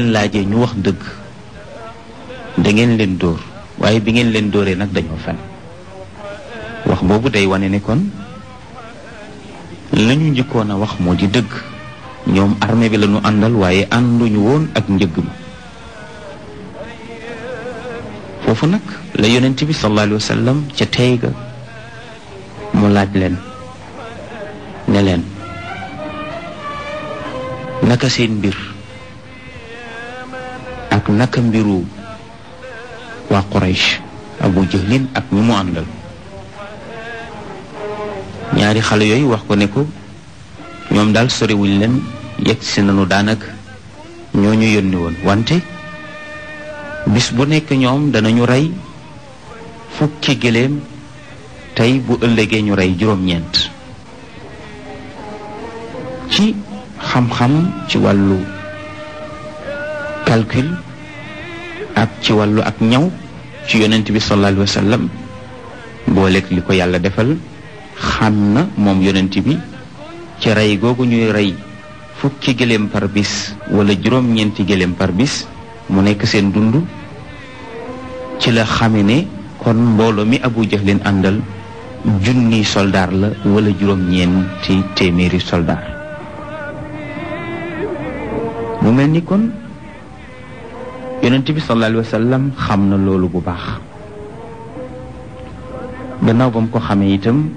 leen laajee ñu wax dëgg dangeen leen dóor waaye bi ngeen leen dóoree nag dañoo fen wax boobu day wone ne kon la ñu a wax moo di dëgg ñoom armée bi lañu àndal waaye ànduñu woon ak njëgg ma foofu nag la yonent bi sallallahu alayhi wa ca tey ga mu laaj leen ne leen naka seen mbir naka mbiru waa Quraysh Abu Jahlin ak ñi mu àndal ñaari xale yooyu wax ko ne ko ñoom daal sorewuñ leen yegg si nañu daanaka ñoo ñu yónni woon wante bis bu nekk ñoom danañu rey fukki gëléem tey bu ëllëgee ñu rey juróom-ñeent ci xam-xam ci wàllu calcul ak ci wàllu ak ñaw ci yonent bi sallallahu alayhi wa sallam booleeg yàlla defal xam na moom yonent bi ci rey googu ñuy rey fukki gëléem wala juróom-ñeenti gëléem par nekk seen dund ci la xame ne kon mbooloo mi Abu Jahlin àndal junni soldaar la wala juróom-ñeenti téeméeri soldaar mu mel ni kon yonent bi sallallahu alayhi wasallam xamna lolu bu bax gannaaw bam ko xamé itam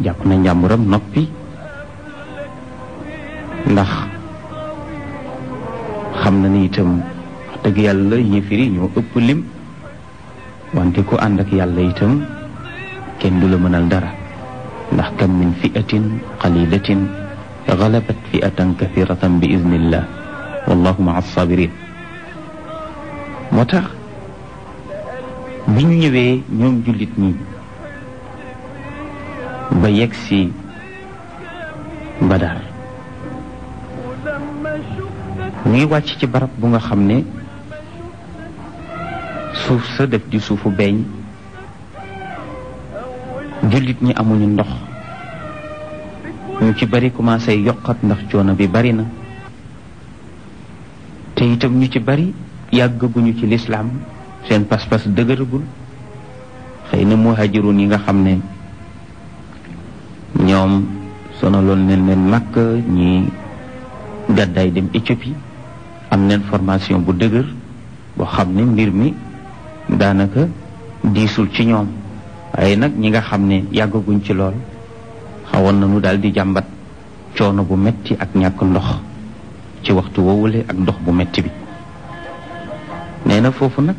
jàpp na njamuram nopi ndax xamna ni itam deug dëgg yàlla yéefiri ñoo ëpp lim wante ko ànd ak yàlla itam kenn du la mënal dara ndax kam min fi'atin qalilatin غلبت فئة كثيرة بإذن الله والله مع الصابرين moo tax bi ñu ñëwee ñoom jullit ñi ba yegg si Badar ñu ngi wàcc ci barab bu nga xam ne suuf sa def di suufu beeñ jullit ñi amuñu ndox ñu ci bari commencé yokkat ndax coono bi bari na te itam ñu ci bari yàggaguñu ci lislaam seen pas-pas dëgëragul xëy na muhajirun yi nga xam ne ñoom sonaloon nañ leen màkk ñi gàddaay dem Éthiopie am nañ formation bu dëgër boo xam ne mbir mi daanaka diisul ci ñoom waaye nag ñi nga xam ne yàggaguñ ci lool xawoon nañu daal di jàmbat coono bu metti ak ñàkk ndox ci waxtu woowule ak ndox bu metti bi neena fofu nak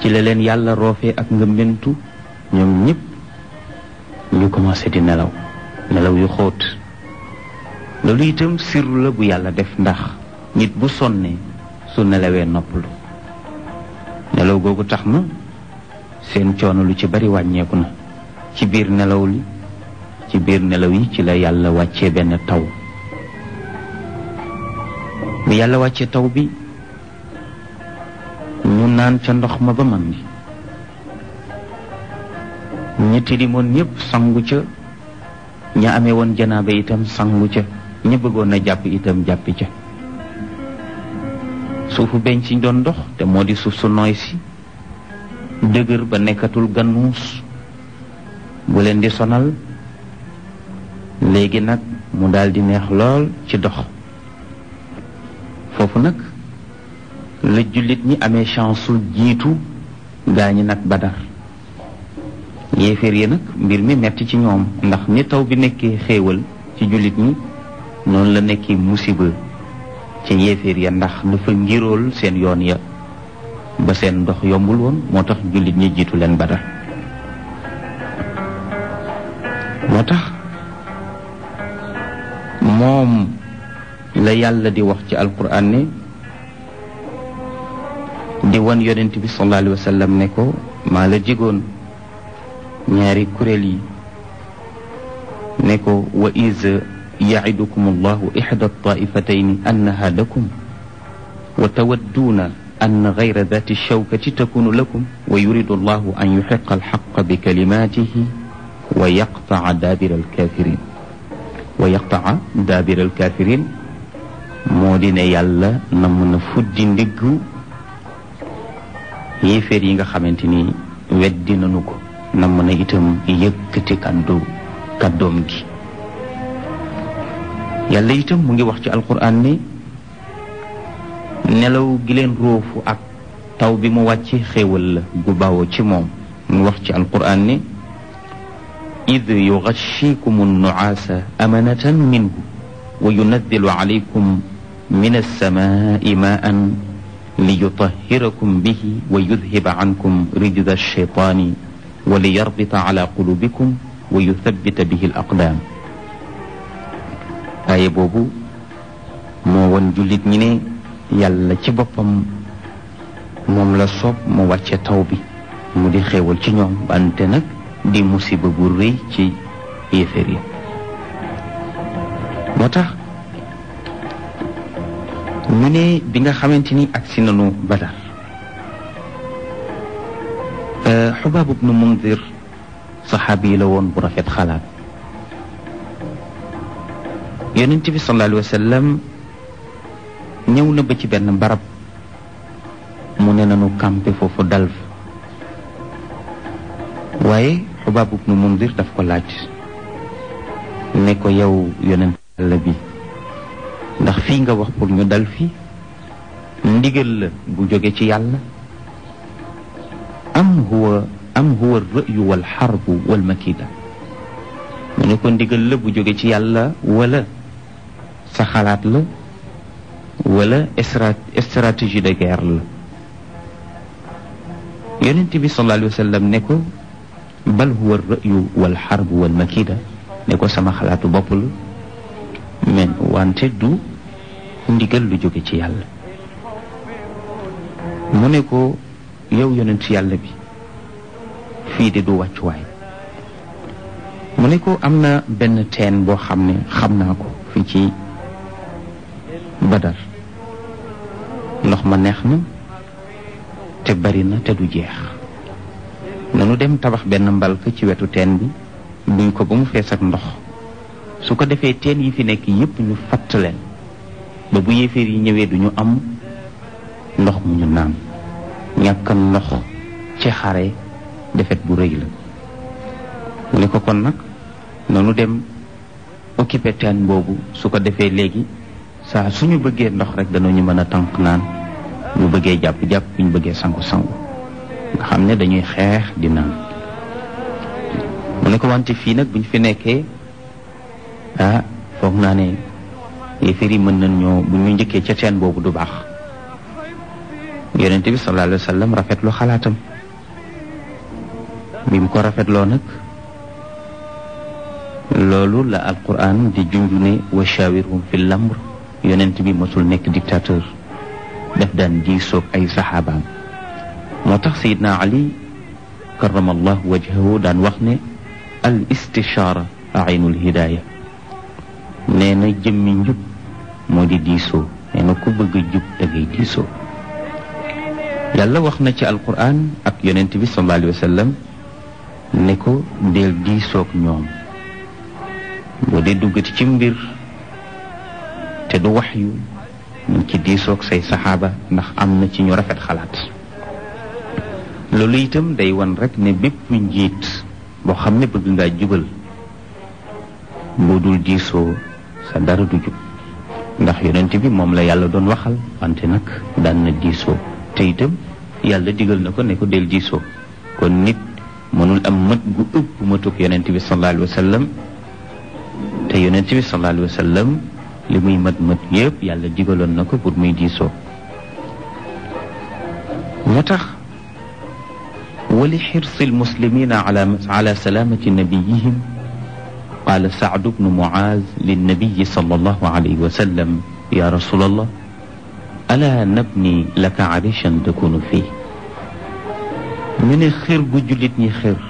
ci la len yalla roofee ak ngëmbentu ñom ñep ñu commencé di nelaw nelaw yu xoot lolu itam sirru la bu yalla def ndax nit bu sonné su nelawé noppul nelaw gogu tax seen coono lu ci bari wàññeeku na ci biir nelaw li ci biir nelaw yi ci la yalla wacce ben taw bu yalla wàccee taw bi ñu naan ca ndox ma ba man ni ñi tilimoon ñëpp sangu ca ña amee woon janaaba itam sangu ca ña bëggoon a jàpp itam jàppi ca suufu beñ ci doon dox te moo di suuf su nooy si dëgër ba nekkatul gannuus bu leen di sonal léegi nag mu daldi neex lool ci dox foofu nag la jullit ñi amee chance jiitu gaa ñi nag badar yéeféer yi nag mbir mi metti ci ñoom ndax ni taw bi nekkee xéewal ci jullit ñi noonu la nekkee musiba ci yéeféer ya ndax dafa ngirool seen yoon ya ba seen ndox yombul woon moo tax jullit ñi jiitu leen badar moo tax moom la yàlla di wax ci alquran ne di won yonent bi sallallahu alaihi wasallam ne ko maa la jegoon ñaari kuréel yi ne ko wa iz ya'idukum allah ihda at-ta'ifatayn annaha lakum wa tawadduuna أن غير ذات الشوكة تكون لكم ويريد الله أن يحق الحق بكلماته ويقطع دابر الكافرين ويقطع دابر الكافرين مودين يالا نمنا فدين دقو yéeféer yi nga xamante ni weddi nañu ko nam na itam yëkkati kàddu kàddoom gi yàlla itam mu ngi wax ci alquran ni nelaw gi leen róofu ak taw bi mu wàcc xéewal la gu bawoo ci moom mu wax ci alquran ni إذ يغشيكم النعاس أمنة منه وينزل عليكم من السماء ماء ليطهركم به ويذهب عنكم رجز الشيطان وليربط على قلوبكم ويثبت به الأقدام أي بوبو مو جلد مني يلا تبقم موم لا صوب مو واتي توبي مو دي خيول تي نيوم بانت نك دي مصيبه بو ري تي يفريه موتاخ mu bi nga xamante ni agsi nanu badar xubaab ibnu mundir saxaabi la woon bu rafet xalaat yonent bi sallallahu alayhi wasallam ñëw na ba ci benn barab mu ne nanu campé foofu dal fa waaye xubaab ibnu mundir daf ko laaj ne ko yow yonent yàlla bi ndax fii nga wax pour ñu dal fii ndigal la bu jóge ci yàlla am huwa am huwa rëyu wal xarbu wal makida mu ne ko ndigal la bu jóge ci yàlla wala sa xalaat la wala stratégie de guerre la yonent bi sallallahu alayhi wa ne ko bal huwa rëyu wal xarbu wal makida ne ko sama xalaatu bopp la men wante du ndigal lu jóge ci yàlla mu ne ko yow yonent yàlla bi fii de du wàccuwaay mu ne ko am na benn teen boo xam ne xam naa ko fii ci badar ndox ma neex na te bari na te du jeex nanu dem tabax benn mbalka ci wetu teen bi buñ ko ba mu fees ak ndox su ko defee teen yi fi nekk yépp ñu fatt leen ba bu yéeféer yi ñëwee duñu am ndox mu ñu naan ñàkk ndox ci xare defet bu rëy la mu ne ko kon nag noonu dem occupé teen boobu su ko defee léegi saa suñu bëggee ndox rek danañu mën a tànk naan ñu bëggee jàpp jàpp ñu bëggee sangu sangu nga xam dañuy xeex di naan mu ne ko wante fii nag buñ fi nekkee ah foog naa ne yéefar yi mën nañ ñoo bu ñu njëkkee ca teen boobu du baax yonente bi sallallahu alayhi wa sallam xalaatam bi mu ko rafetloo nag loolu la alquran di junju ne wa shawirhum fil amr yonent bi mosul nekk dictateur daf daan diisoog ay saxaabaam moo tax sayidna ali karamallahu wajhahu daan wax ne al istishaara aynul hidaaya nee na jëmmi njub moo di diisoo nee na ku bëgg a jub da diisoo yàlla wax na ci alquran ak yonent bi sallallahu alayhi wa ne ko deel diisoog ñoom boo dee duggati ci mbir te du wax yu ñu ci diisoog say saxaaba ndax am na ci ñu rafet xalaat loolu itam day wan rek ne bépp njiit boo xam ne bëgg ngaa jubal boo dul diisoo sa dara du jub ndax yonent bi moom la yàlla doon waxal wante nag daan na diisoo te itam yàlla digal na ko ne ko del diisoo kon nit mënul am mat gu ëpp matuk yonent bi sallallahu alayhi wasallam te yonent bi sallallahu alayhi wasallam sallam li muy mat mat yépp yàlla digaloon na ko pour muy diisoo moo tax ولحرص المسلمين على على سلامة نبيهم قال سعد بن معاذ للنبي صلى الله عليه وسلم يا رسول الله ألا نبني لك عريشا تكون فيه من خير بجلدني خير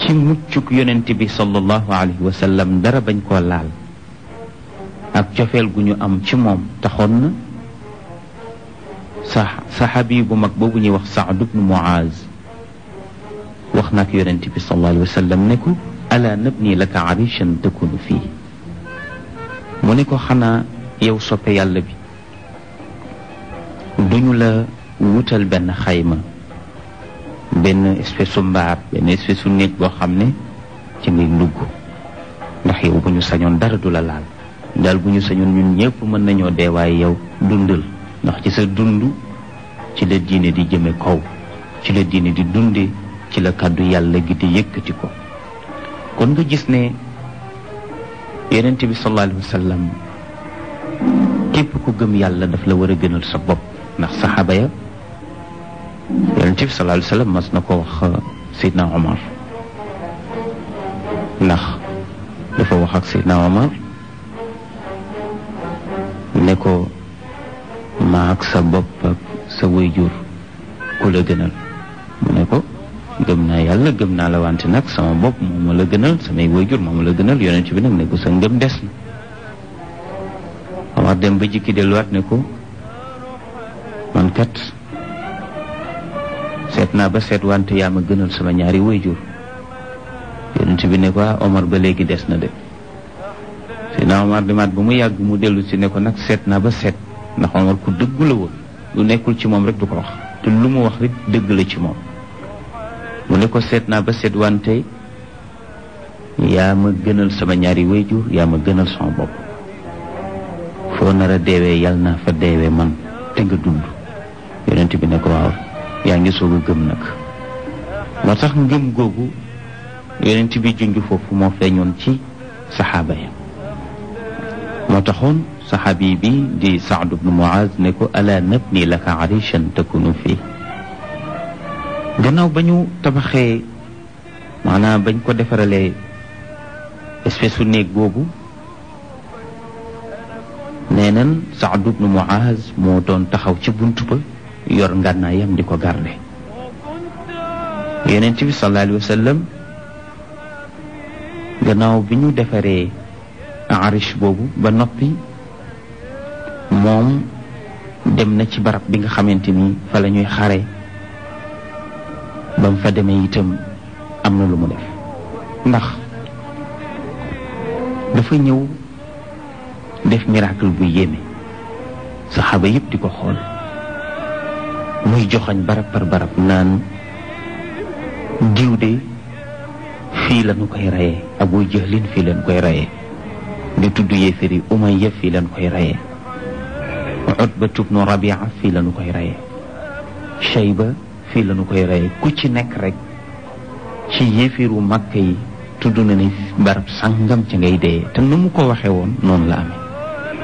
كي مجوك ينتبه صلى الله عليه وسلم دربن كوالال أك جفل بنيو أم تموم تخون صحابي بمكبوب وخ سعد بن معاذ وخناك ينتبه صلى الله عليه وسلم نكو ala nabni laka arishan takunu fii mu ne ko xanaa yow soppe yàlla bi duñu la wutal benn xayma benn espèce su mbaar benn espèce su néeg boo xam ne ci ngay ndugg ndax yow bu ñu sañoon dara du la laal daal bu ñu sañoon ñun ñëpp mën nañoo dee waaye yow dundal ndax ci sa dund ci la diine di jëme kow ci la diine di dunde ci la kàddu yàlla gi di yëkkati ko kon nga gis ne yonent bi sallallahu alayhi wa sallam képp ku gëm yàlla daf la war a gënal sa bopp ndax saxaaba ya yonent bi sallallahu alayhi wa sallam mas na ko wax Seydina Omar ndax dafa wax ak Seydina Omar ne ko maa ak sa bopp ak sa wayjur ku la gënal gëm naa yàlla gëm naa la wante nag sama bopp moom ma la gënal samay wayjur moom la gënal yonent bi nag ne ko sa ngëm des na Omar dem ba jikki delluwaat ne ko man seet naa ba seet wante yaa ma gënal sama ñaari wayjur yonent bi ne ko ah ba léegi des na de Seydina Omar demaat ba mu yàgg mu dellu si ne ko nag seet naa ba seet ndax Omar ku dëggu la woon lu nekkul ci moom rek du ko wax te lu mu wax rek dëgg la ci moom mu ne ko seet naa ba seet wante yaa ma gënal sama ñaari wéyjur yaa ma gënal sama bopp foo nar a deewee yàlla na fa deewee man te nga dund yonent bi ne ko waaw yaa ngi soog gëm nag moo tax ngëm googu yonent bi junj foofu moo feeñoon ci saxaaba ya moo taxoon saxaabi bi di Saad ibnu Muaz ne ko ala nabni laka arishan takunu fii gannaaw ba ñu tabaxee maanaam bañ ko defaralee espèce su néeg boobu nee nan Saad ibnu Muaz moo doon taxaw ci bunt ba yor ngànnaayam di ko garde yonent bi sallallahu alayhi gannaaw bi ñu defaree arish boobu ba noppi moom dem na ci barab bi nga xamante ni fa la ñuy xare ba mu fa demee itam am na lu mu def ndax dafa ñëw def miracle bu yéeme saxaaba yépp di ko xool muy joxañ barab barab naan diw de fii lañu koy rayee abu jahlin fii lañu koy rayee di tudd yéeféer yi umayya fii lañu koy rayee utba tubnu rabia fii lañu koy rayee shayba fii la ñu koy rey ku ci nekk rek ci wu màkk yi tudd na ni barab sàngam ci ngay dee te nu mu ko waxee woon noonu la amee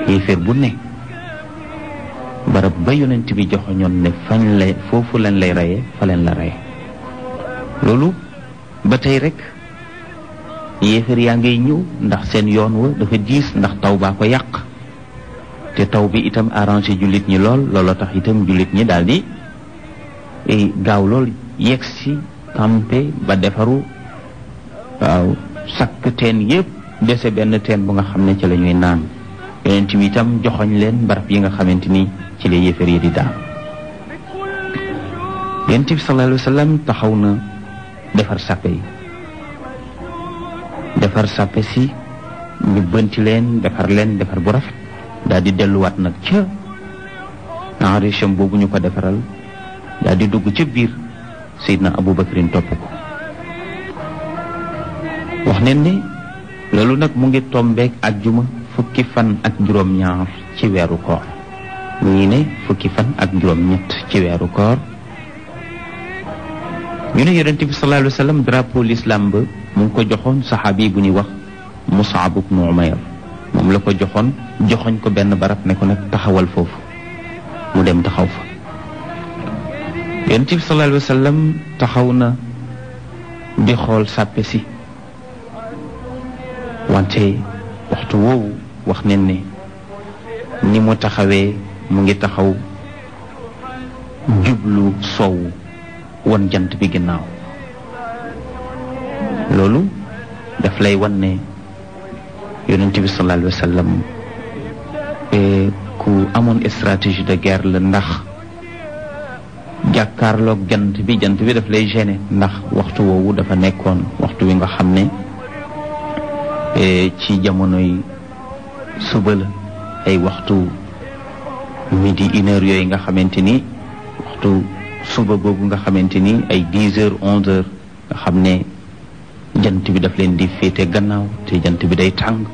yéefir bu ne barab ba yonent bi joxoñoon ne fañ lay foofu lañ lay reye fa leen la reyee loolu ba tey rek yéefir yaa ngay ñëw ndax seen yoon wa dafa diis ndax taw baa ko yàq te taw bi itam arrangé jullit ñi lool looloo tax itam jullit ñi daal di gaaw lool yegg si badafaru, ba defaru waaw sakk teen yépp dese benn teen bu nga xam ne ci la ñuy naan yonent bi itam joxoñ leen barab yi nga xamante ni ci la yéefar yi di daan bi sallallahu wasallam taxaw defar sàppe yi defar sàppe si ñu bënti leen defar leen defar bu rafet daal di delluwaat nag ca enricham boobu ñu ko defaral daal di dugg ci biir sayidna abu bakrin topp ya ko wax neen ni loolu nag mu ngi ak ajjuma fukki fan ak juróom ñaar ci weeru koor ñii ne fukki fan ak juróom ñett ci weeru koor ñu ne yonente bi sallallahu alayhi wasallam drapeau l'islam ba mu ngi ko joxoon sahabi bu ñuy wax ibn umayr moom la ko joxoon joxoñ ko benn barab ne ko nag taxawal foofu mu dem taxaw fa yonent bi sallallahu alayhi taxaw na di xool sàppe si wante waxtu woowu wax nañ ne ni mu taxawee mu ngi taxaw jublu soowu won jant bi ginnaaw loolu daf lay wan ne yonent bi sallallahu alayhi wa sallam eh, ku amoon stratégie de guerre la ndax jàkkaarloog jant bi jant bi daf lay gêner ndax waxtu woowu dafa nekkoon waxtu wi nga xam ne eh, ci jamonoy suba la ay waxtu midi une yooyu nga xamante ni waxtu suba boobu nga xamante ni ay dix heures onze heures nga xam ne jant bi daf leen di féete gannaaw te jant bi day tàng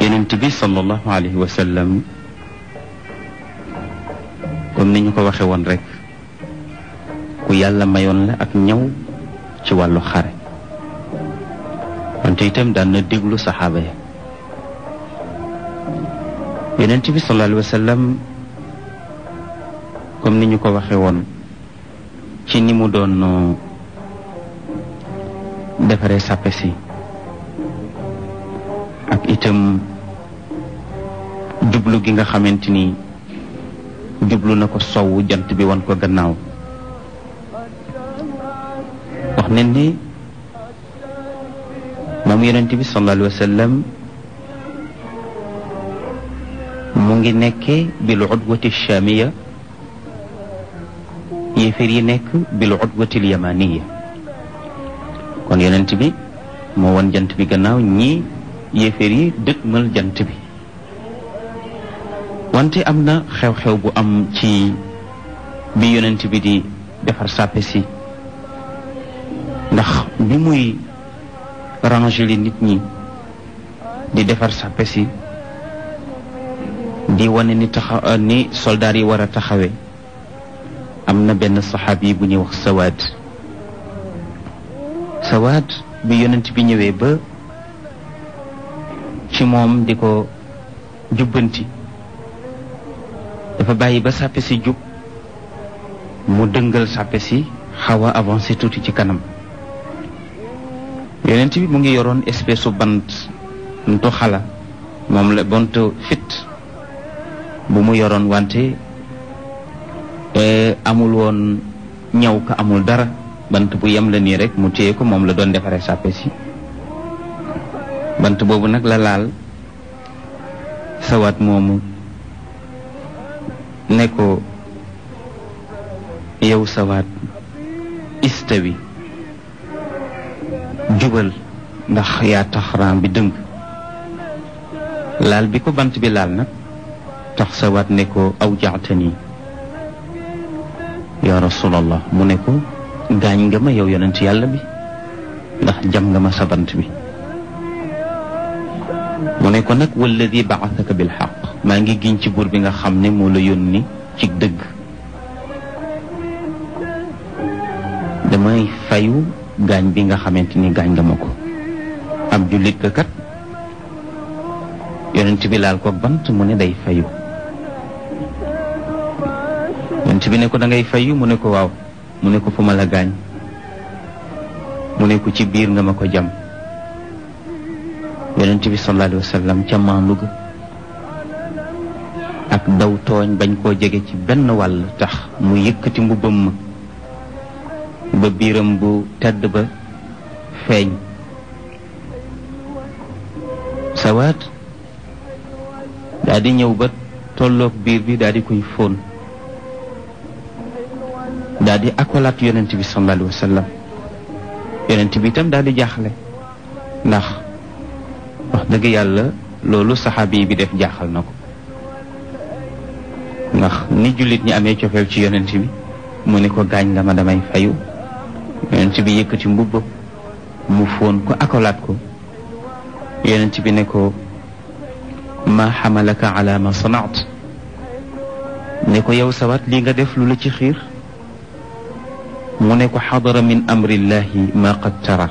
yonent bi sallallahu alayhi wa sallam comme ni ñu ko waxe woon rek yàlla mayoon la ak ñaw ci wàllu xare wante itam daan na déglu saxaaba ya yonent bi sallallahu alayhi comme ni ñu ko waxe woon ci ni mu doon euh, defaree sàppe si ak itam jublu gi nga xamante ni jublu na ko sowu jant bi wan ko gannaaw wax ne moom yonent bi sallallahu wa sallam mu ngi nekke bil udwati chamiya yéeféer yi nekk bil udwatil yamaniya kon yonent bi moo won jant bi gannaaw ñii yéeféer yi dëgmal jant bi wante am na xew-xew bu am ci bi yonent bi di defar sàppe si ndax bi muy ranger li nit ñi di defar sa si di wane ni taxaw euh, ni soldat yi wara taxawé amna ben sahabi bu ñu wax sawad sawad bi yonent bi ñëwee ba ci mom di ko dafa bayyi ba sa si jub mu dëngal sa si xawa avancer ci kanam yonent bi mu ngi yoroon espèce su bant ntu xala moom la bant fit bu mu yoroon wante e, amul woon ñaw ko amul dara bant bu yem la nii rek mu téye ko moom la doon defaree sàppe si bant boobu nag la laal sawaat moomu nekkoo ko yow sawaat istawi jubal ndax yaa tax raam bi dëng laal bi ko bant bi laal nag tax sawaat ne ko aw jaxtani yaa rasulallah mu ne ko gaañ nga ma yow yonent yàlla bi ndax jam nga ma sa bant bi mu ne ko nag walladi baasaka bil xaq maa ngi giñ ci buur bi nga xam ne moo la yónni ci dëgg damay fayu gaañ bi nga xamante ni gaañ nga ma ko ab jullit ka kat yonent bi laal ko bant mu ne day fayu yonent bi ne ko da ngay mu ne ko waaw mu ne ko fu ma la gaañ mu ne ko ci biir nga ma ko jam yonent bi sallallahu alayhi wa ca maandu ga ak daw tooñ bañ koo jege ci benn wàll tax mu yëkkati mbubbam ma ba biiram bu tedd ba feeñ sawaat daal di ñëw ba tolloog biir bi daal di koy fóon daal di akolaat yonent bi sallallahu alayhi wa sallam yonent bi itam daal di jaaxle ndax wax dëgg yàlla loolu saxaabi bi def jaaxal na ko ndax ni jullit ñi amee cofeel ci yonent bi mu ne ko gaañ la ma damay fayu yonent bi yëkkati mbubb mu foon ko akolaat ko yonent bi ne ko ma xamalaka ala ma sanaat ne ko yow sawaat lii nga def lu la ci xiir mu ne ko xadara min amrillahi ma qad tara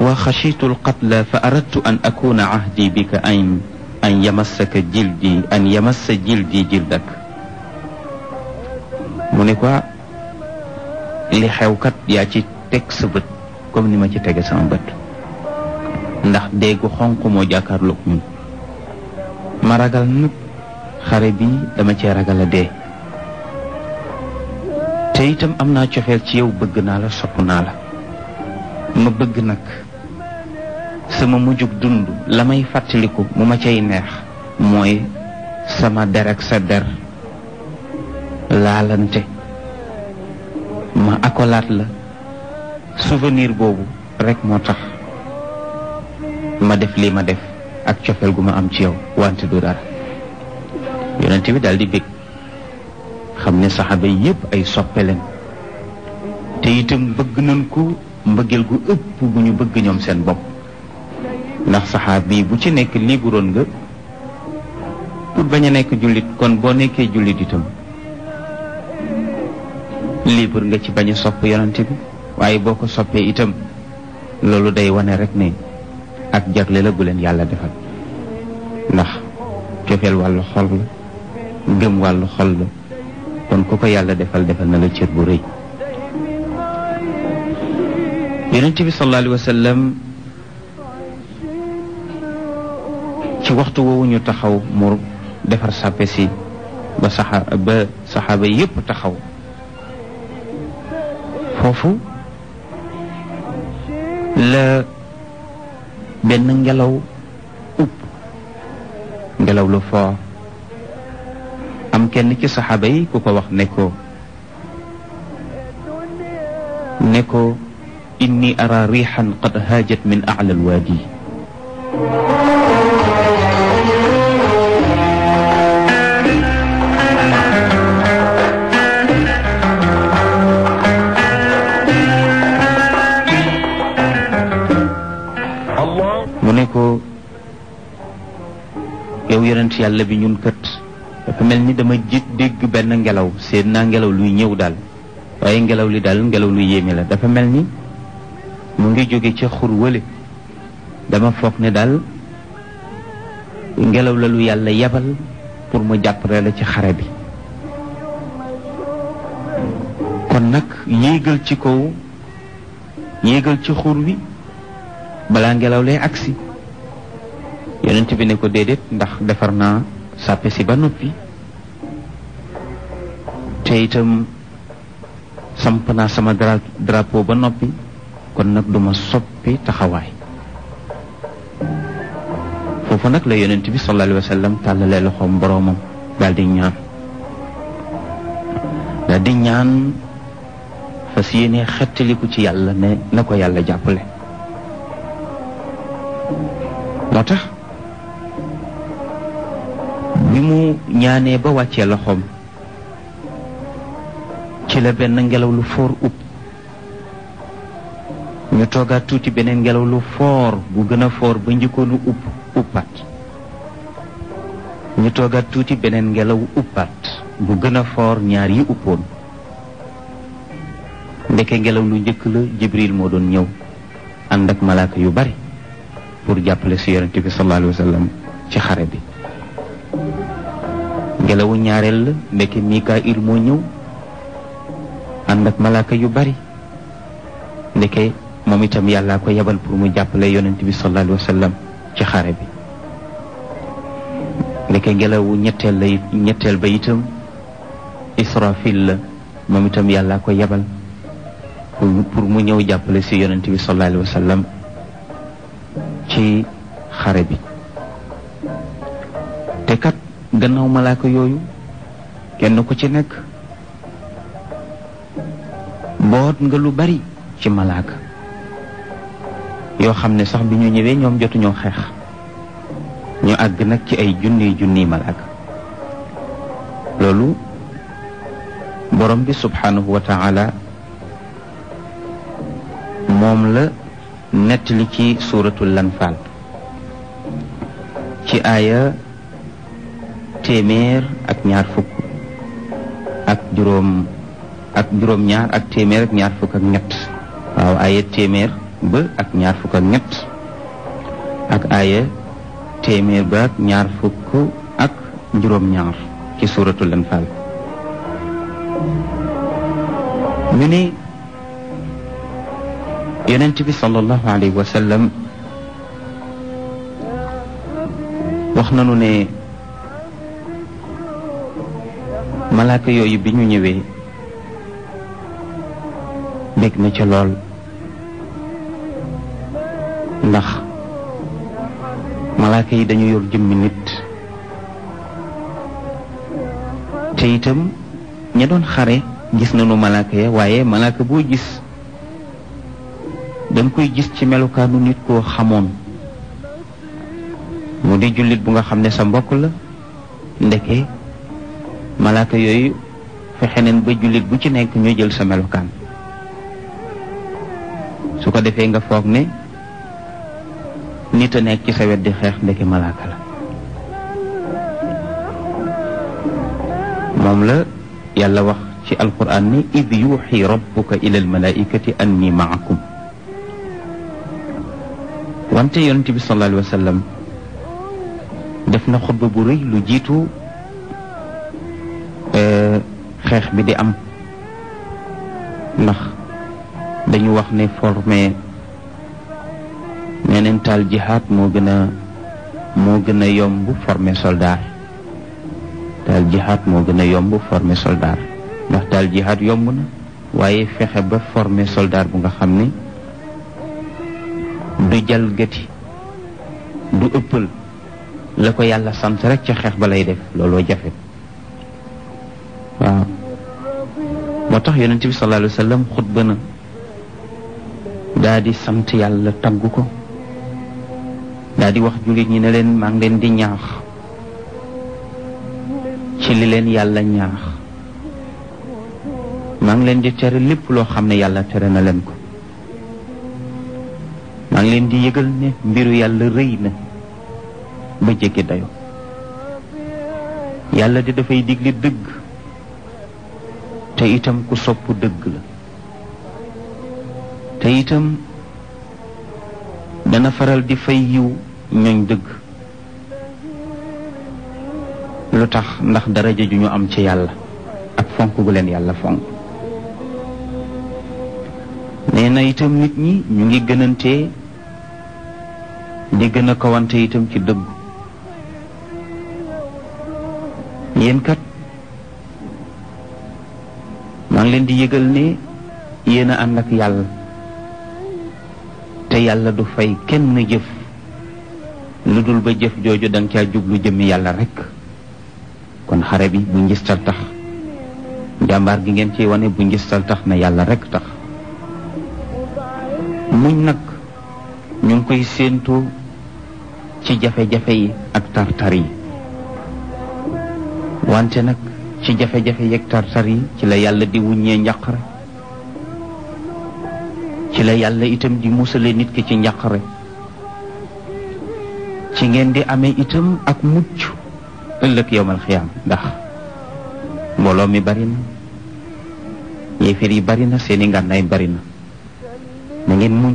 wa xashitu alqatla fa aradtu an akuna ahdi bika an an yamassaka jildi an yamassa jildi jildak mu ne ko li xewkat yaa ci teg sa bët comme ni ma ci tege sama bët ndax déggu xonq moo jàkkaarloog ñun ma ragal nag xare bi dama cee ragal a dee te itam am naa cofeel ci yow bëgg naa la sopp naa la ma bëgg nag sama mujjug dund la may fàttaliku mu ma cay neex mooy sama der ak sa der laalante kolaat la souvenir boobu rek moo tax ma def lii ma def ak cofeel gu ma am ci yow wante du dara yonent bi daal di bég xam ne saxaaba yépp ay soppe leen te itam bëgg nañ ko mbëggeel gu ëpp bu ñu bëgg ñoom seen bopp ndax saxaar bii bu ci nekk liiburoon nga pour ba a nekk jullit kon boo nekkee jullit itam libre nga ci bañ a sopp yonent waaye boo ko soppee itam loolu day wane rek ne ak jagle la bu leen yàlla defal ndax cofeel wàllu xol la gëm wàllu xol kon ku ko yàlla defal defal na la cër bu rëy yonent bi sallallahu alayhi wa sallam ci waxtu woowu taxaw mu defar sàppe si ba saxa ba saxaaba yépp taxaw foofu la ben ngelaw up ngelaw lu fo am kenn ci sahaba yi ku ko wax ne ko ne ko inni ara rihan qad hajat min aala alwaadi yonent yàlla bi ñun kët dafa mel ni dama ji dégg benn ngelaw seen naa ngelaw luy ñëw daal waaye ngelaw li daal ngelaw lu yéeme la dafa mel ni mu ngi jóge ca xur wële dama foog ne daal ngelaw la lu yàlla yebal pour mu jàppale la ci xare bi kon nag yéegal ci kaw ñéegal ci xur wi balaa ngelaw lay agsi yonent bi ne ko déedéet ndax defar naa sàppe si ba noppi te itam samp naa sama drapeau ba noppi kon nag duma soppi taxawaay foofu nag la yonent bi sallallahu alayhi wa loxoom boroomam daal di ñaan daal di ñaan fas yéene xettaliku ci yàlla ne na ko yàlla jàppale moo tax bi mu ñaanee ba wacce loxom ci la ben ngelaw lu for upp ñu toga tuti benen ngelaw lu for bu for ba ñi ko njëkkoonu upp uppaat ñu toga tuti benen ngelaw uppaat bu gëna for ñaar yi uppoon ndeke ngelaw lu njëkk la jibril mo doon ñew ànd ak malaaka yu bari pour jàppale ci yaronte bi sallallahu alayhi wasallam ci xare bi ngelawu ñaareel la ndeke Mikaayil moo ñëw ànd ak yu bari ndeke moom itam ko yebal pour mu jàppale yonent bi sallallahu alayhi wa ci xare bi ndeke ngelawu ñetteel ba itam Israfil la moom itam yàllaa ko yebal pour mu ñëw jàppale si yonent bi sallallahu alayhi wa ci xare bi te kat gannaaw malaaka yooyu kenn ku ci nekk boot nga lu bari ci malaaka yoo xam ne sax bi ñu ñëwee ñoom jotuñoo xeex ñu àgg nag ci ay junniy junniy malaaka loolu borom bi subhanahu wa taala moom la nettali ci suuratul lanfaal ci aaya téeméer ak ñaar fukk ak juróom ak juróom ñaar ak téeméer ak ñaar fukk ak ñett waaw aaya téeméer ba ak ñaar fukk ak ñett ak aaya téeméer ba ak ñaar fukk ak juróom ñaar ci suuratul anfaal ñu ni yonent bi sallallahu wax nanu malaaka yooyu bi ñu ñëwee bég na ca lool ndax malaaka yi dañu yor jëmm nit te itam ña doon xare gis nañu malaaka ya waaye malaaka boo gis danga koy gis ci melokaanu nit koo xamoon moo di jullit bu nga xam ne sa mbokk la ndeke malaka yooyu fexe neen ba julit bu ci nekk ñu jël sa melokaan su ko defee nga foog ne nit a nekk ci sa wet di xeex ndeke malaaka la moom la yàlla wax ci alquran ni id yuuxi rabbuka ila almalaikati anni maakum wante yonente bi sallallahu alayhi wa sallam def na bu rëy lu jiitu xeex bi di am ndax dañu wax ne formé neneen taal jihaad moo gën moo gën a yomb formé soldat taal jihaad moo gën a yomb formé soldat ndax taal jihaad yomb na waaye fexe ba forme soldaar bu nga xam ni du jalgati du ëppal la ko yàlla sant rek ca xeex ba lay def looloo jafe moo tax yonent bi sallallahu alayhi wa sallam xutba na daa di sant yàlla tagg ko daa di wax jullit ñi ne leen maa leen di ñaax ci li leen yàlla ñaax maa ngi leen di tere lépp loo xam ne yàlla tere na leen ko maa ngi leen di yëgal ne mbiru yàlla rëy na ba jéggi dayo yàlla di dafay digle dëgg te itam ku sopp dëgg la te itam dana faral di fay yiw ñooñ dëgg lu tax ndax daraja ju ñu am ci yàlla ak fonk gu leen yàlla fonk nee na itam nit ñi ñu ngi gënantee di gëna kawante itam ci dëgg maa leen di yëgal ne yéen a ànd ak yàlla te yàlla du fay kenn jëf lu dul ba jëf jooju danga caa jublu jëmmi yàlla rek kon xare bi bu njistal tax jàmbaar gi ngeen ci wane bu njistal tax na yàlla rekk tax muñ nag ñu ngi koy séentu ci jafe-jafe yi ak tartar yi wante nag ci jafe-jafe yek tartar yi ci la yalla di wuññee ñakkar ci la yalla itam di musale nit ki ci ñakkar ci ngeen di amé itam ak mucc ëlëk yowmal xiyam ndax mbolo mi bari na yéefir yi bari na seeni ngànnaay bari na na ngeen muñ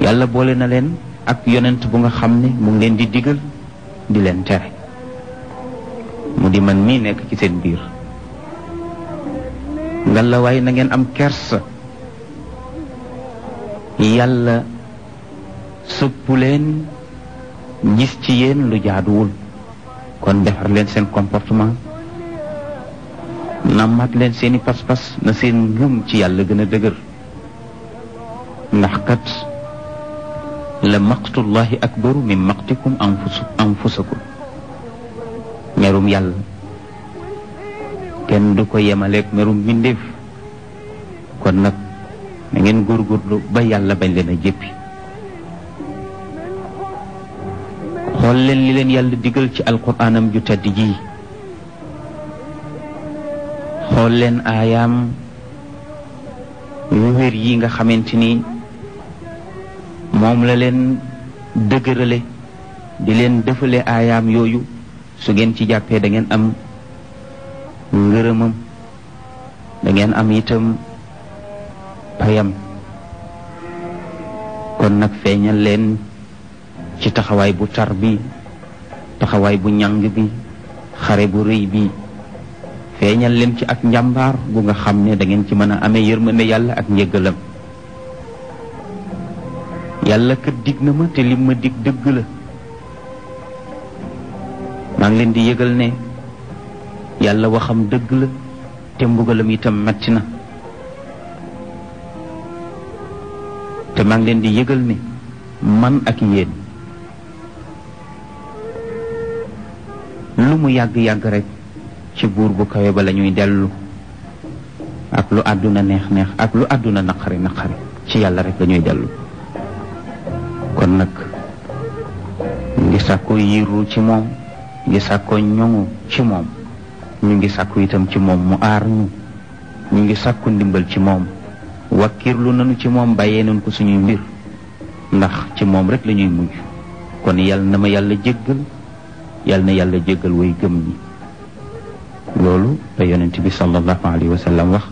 yàlla boole na leen ak yonent bu nga xam ne mu ngeen di digal di leen tere di man mii nekk ci seen biir ngan la waaye na ngeen am kersa yàlla sëppu leen gis ci yéen lu jaaduwul kon defar leen seen comportement nammat leen seeni pas-pas na seen ngëm ci yàlla gën a dëgër ndax kat la maqtullahi akbaru min maqtikum anfusakum merum yàlla kenn du ko yemaleeg merum mbindéef kon nag na ngeen góorgóorlu ba yàlla bañ leen a jéppi xool leen li leen yàlla diggal ci alquraanam ju tedd ji xool leen aayaam yu yi nga xamante ni moom la leen dëgërale di leen defale aayaam yooyu su ngeen ci jàppee da ngeen am ngërëmam da ngeen am itam payam kon nag feeñal leen ci taxawaay bu tar bi taxawaay bu ñang bi xare bu rëy bi feeñal leen ci ak njàmbaar gu nga xam ne da ngeen ci mën a amee yërmande yàlla ak njëgalam yàlla ke dig na ma te lim ma dig dëgg la maa leen di yëgal ne yàlla waxam dëgg la te mbugalam itam metti na te maa ngi leen di yëgal ne man ak yéen lu mu yàgg-yàgg rekk ci buur bu kawe ba la ñuy dellu ak lu àdduna neex-neex ak lu àdduna naqari naqari ci yàlla rek lañuy ñuy dellu kon nag ngi sàkko yiiru ci moom ngi sàkkoo ñoŋu ci moom ñu ngi sàkku itam ci moom mu aar ñu ñu ngi sàkku ndimbal ci moom wakkirlu nañu ci moom bàyyee nañ ko suñuy mbir ndax ci moom rek lañuy mujj kon yal na ma yàlla jéggal yal na yàlla jéggal way gëm ñi loolu la yonent bi sallallahu alayhi wa sallam wax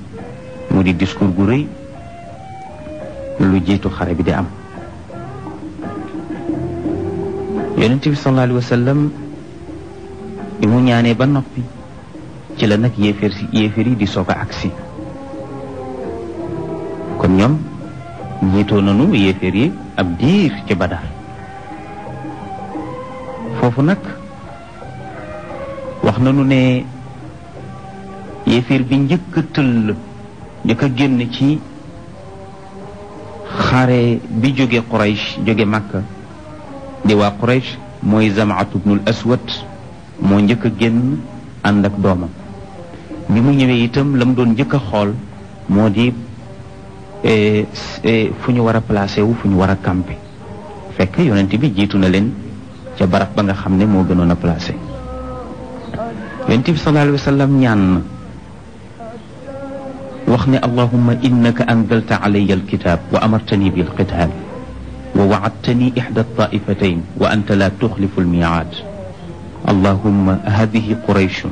mu di discours gu rëy lu jiitu xare bi di am ñaanee ba noppi ci la nag yéeféer si yéeféer yi di soog a agsi kon ñoom ñiitoo nanu yéeféer yi ab diir ci badar foofu nag wax nanu ne yéeféer bi njëkk a tëll njëkk a génn ci xare bi jóge Quraysh jóge Makka di waa Quraysh mooy Zamaatu bnul Aswad moo njëkk a génn ànd ak doomam bi mu ñëwee itam la mu doon njëkk a xool moo di fu ñu war a placé wu fu ñu war a campé fekk yonent bi jiitu na leen ca barab ba nga xam ne moo gënoon a placé yonent bi sallallahu alayhi wa sallam ñaan na wax ne allahumma innaka anzalta alayya alkitab wa amartani bilqitaal wa waadtani ixda altaifatayn wa anta la tuxlifu almiaad اللهم هذه قريش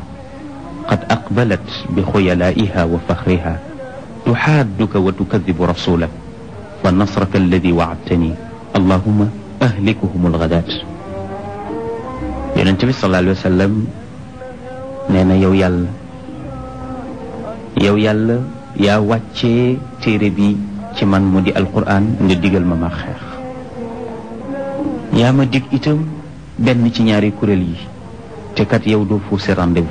قد أقبلت بخيلائها وفخرها تحادك وتكذب رسولك فنصرك الذي وعدتني اللهم أهلكهم الغداة يعني النبي صلى الله عليه وسلم نانا يو يال يو يال يا واتشي تيربي كمان مودي القرآن ندي قلما يا مدك إتم بني تنياري كوريليه te kat yow doo fuuse rendez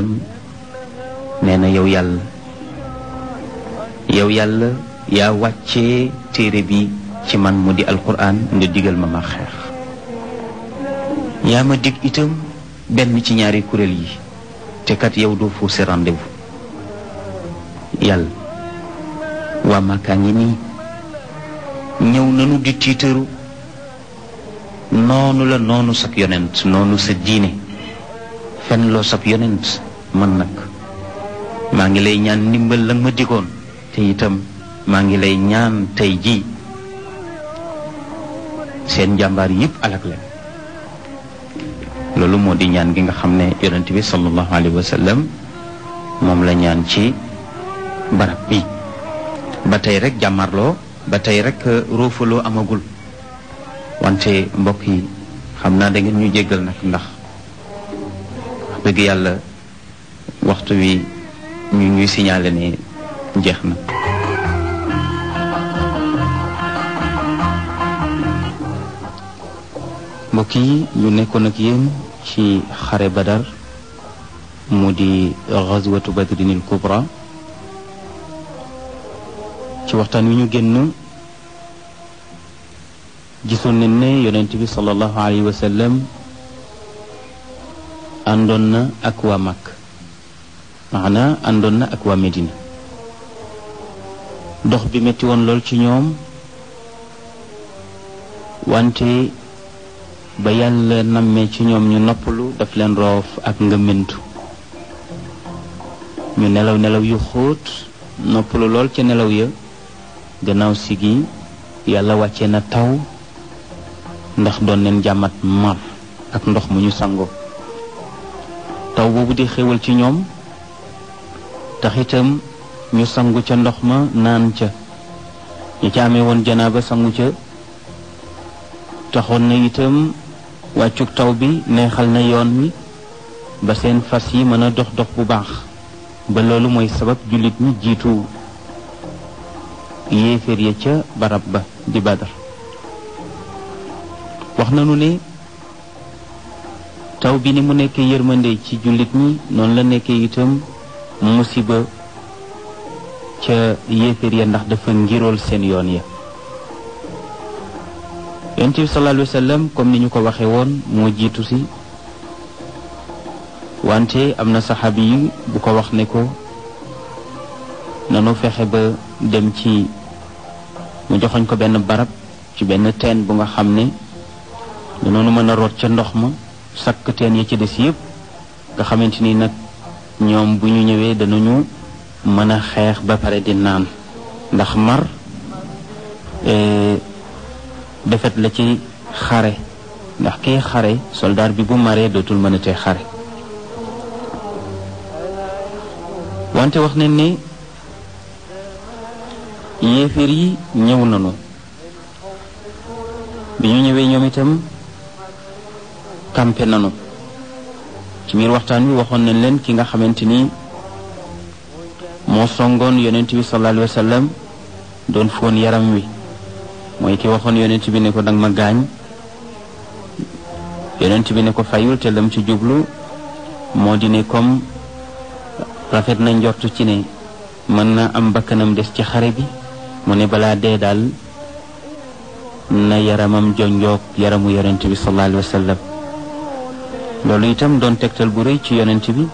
sallam yow yàlla yow yàlla yaa wàccee bi ci man mu di alquran nga digal ma ma xeex itam benn ci ñaari kuréel yi te kat yow doo fausse rendez yàlla waa Màkka ngi nii ñëw nanu di tiitaru noonu la noonu sa yonent noonu sa diine fen loo sab yonent man nag maa ngi lay ñaan ndimbal la ma digoon te itam maa ngi lay ñaan tey jii seen jàmbaar yëpp alak la loolu moo di ñaan gi nga xam ne yonent bi sallallahu alayhi wa sallam moom la ñaan ci barab bi ba tey rek jàmmarloo ba tey rek euh, roofaloo amagul wante mbokk yi xam naa dangeen ñu jéggal nag ndax dëgg yàlla waxtu wi ñu ñuy signalé ne jeex na mbokk yi ñu nekkoon ak yéen ci xare badar mu di gazwatu badrinil kubra ci waxtaan wi ñu génn gisoon nañ ne yonent bi sallallahu alayhi wa àndoon na ak waa Makka maanaa àndoon na ak waa Medina dox bi metti woon lool ci ñoom wante ba yàlla nammee ci ñoom ñu noppalu daf leen roof ak ngëmmentu ñu nelaw nelaw yu xóot noppalu lool ca nelaw ya gannaaw si gi yàlla wàcce na taw ndax doon leen jàmmat mar ak ndox mu ñu sangoo taw boobu de xéwal ci ñoom taxitam ñu sangu ca ndox ma naan ca ñi ca ameewoon woon janaaba sangu ca taxoon na itam wàccuk taw bi neexal na yoon wi ba seen fas yi mën a dox dox bu baax ba loolu mooy sabab jullit ñi jiitu yéeféer ya ca barab ba di badar wax nanu ne taw bi ni mu nekkee yërmande ci jullit ñi noonu la nekkee itam mu musiba ca yéeféer ya ndax dafa ngirool seen yoon ya yonent bi sallallahu alayhi comme ni ñu ko waxee woon moo jiitu ci wante am na saxaabi yi bu ko wax ne ko nanu fexe ba dem ci mu joxoñ ko benn barab ci benn teen bu nga xam ne noonu mën a root ca ndox ma sakk teen ya ci des yëpp nga xamante ni nag ñoom bu ñu ñëwee danañu mën a xeex ba pare di naan ndax mar eh, defet la ci xare ndax kay xare soldaar bi bu maree dootul mën a xare wante wax nañ ne yéeféer yi ñëw nanu bi ñu ñëwee ñoom itam campé nanu ci biir waxtaan wi waxoon nañ leen ki nga xamante ni moo songoon yonent bi sallallahu alayhi doon foon yaram wi mooy ki waxoon yonent bi ne ko danga ma gaañ yonent bi ne ko fayul te lam ci jublu moo di ne comme rafet na njortu ci ne mën na am bakkanam des ci xare bi mu ne balaa dee daal na yaramam jonjoog yaramu yonent bi sallallahu alayhi wa sallam loolu itam doon tegtal bu rëy ci yonent bi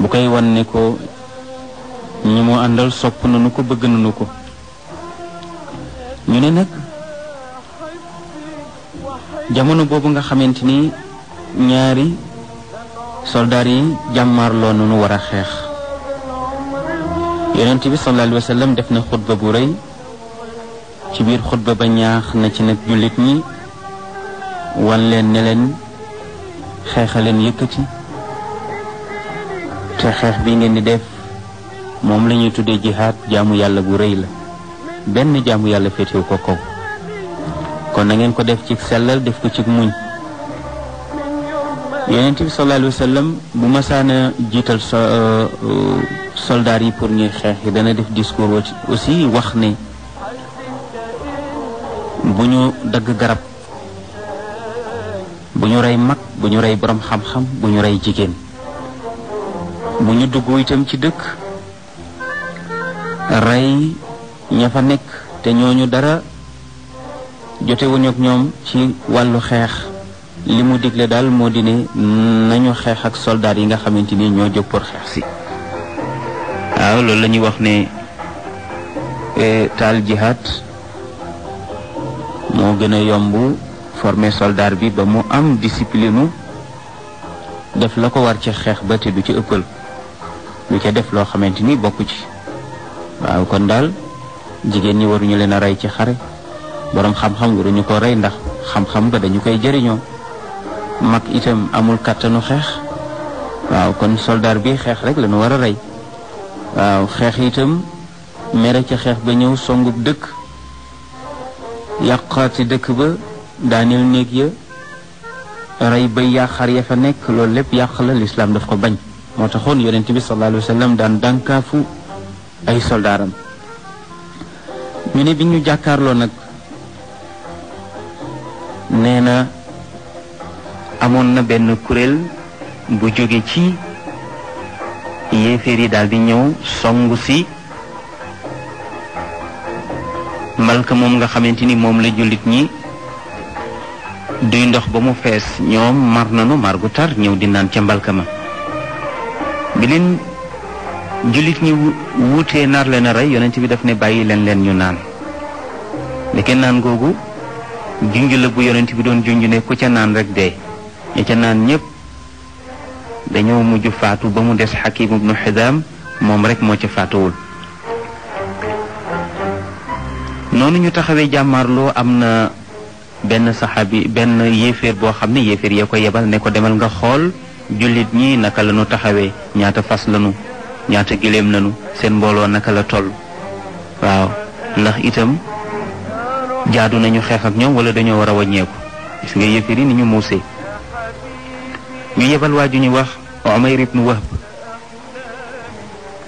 bu koy wan ne ko ñi mu àndal sopp nañu ko bëgg nañu ko ñu ne nag jamono boobu nga xamante ni ñaari soldaar yi jàmmaarloo nañu war a xeex yonent bi sallallahu alayhi def na xutba bu rëy ci biir xutba ba ñaax na ci nag jullit ñi wan leen ne xeex a leen yëkkati te xeex bi ngeen di def moom lañuy tuddee jihaad jaamu yàlla bu rëy la benn jaamu yàlla féetewu ko kaw kon na ngeen ko def ci sellal def ko ci muñ yonent bi sallallahu bu masaana jiital euh, euh, soldaar yi pour ñuy xeex yi dana def discours aussi wax ne bu ñu dagg garab bu ñu rey mag bu ñu rey boroom xam-xam bu ñu rey jigéen bu ñu dugg itam ci dëkk rey ña fa nekk te ñooñu dara jotewuñu ak ñoom ci wàllu xeex li mu digle daal moo di ne nañu xeex ak soldaar yi nga xamante ni ñoo jóg xeex si waaw loolu la ñuy wax ne eh, taal jihaad moo gën a yomb former soldat bi ba mu am discipline def la ko war ci xeex ba te du ci ëppal lu ca def loo xamante ni bokku ci waaw kon daal jigéen ñi waruñu leen a rey ci xare boroom xam-xam waruñu ko rey ndax xam-xam ba dañu koy jëriñoo mag itam amul kàttanu xeex waaw kon soldaar bi xeex rek lañu war a rey waaw xeex itam mere ca xeex ba ñëw songub dëkk yàqaati dëkk ba daaneel néeg ya rey bay yaa ya fa nekk loolu lépp yàq la lislaam daf ko bañ moo taxoon yonent bi sallallahu alayhi wa sallam daan dànkaafu ay soldaaram ñu ne bi ñu jàkkaarloo nag nee na amoon na benn kuréel bu jóge ci yéeféer yi daal ñëw song si malka moom nga xamante ni moom la jullit ñi duy ndox ba mu fees ñoom mar nanu mar gu tar ñëw di naan ca mbalka ma bi leen jullit ñi wuutee nar leen a rey yonent bi daf ne bàyyi leen leen ñu naan ndeke naan googu junj la bu yonent bi doon junj ne ku ca naan rek dee ña ca naan ñëpp dañoo mujj faatu ba mu des xakim ibnu xidaam moom rek moo ca faatuwul noonu ñu taxawee jàmmaarloo am na benn saxaabi benn yéeféer boo xam ne yéeféer yee ko yebal ne ko demal nga xool jullit ñi naka la ñu taxawee ñaata fas lañu ñaata giléem lañu seen mbooloo naka la toll waaw ndax itam jaadu nañu xeex ak ñoom wala dañoo war a wàññeeku gis nga yéeféer yi ni ñu muusee ñu yebal waa ju ñuy wax Umayr ibnu Wahb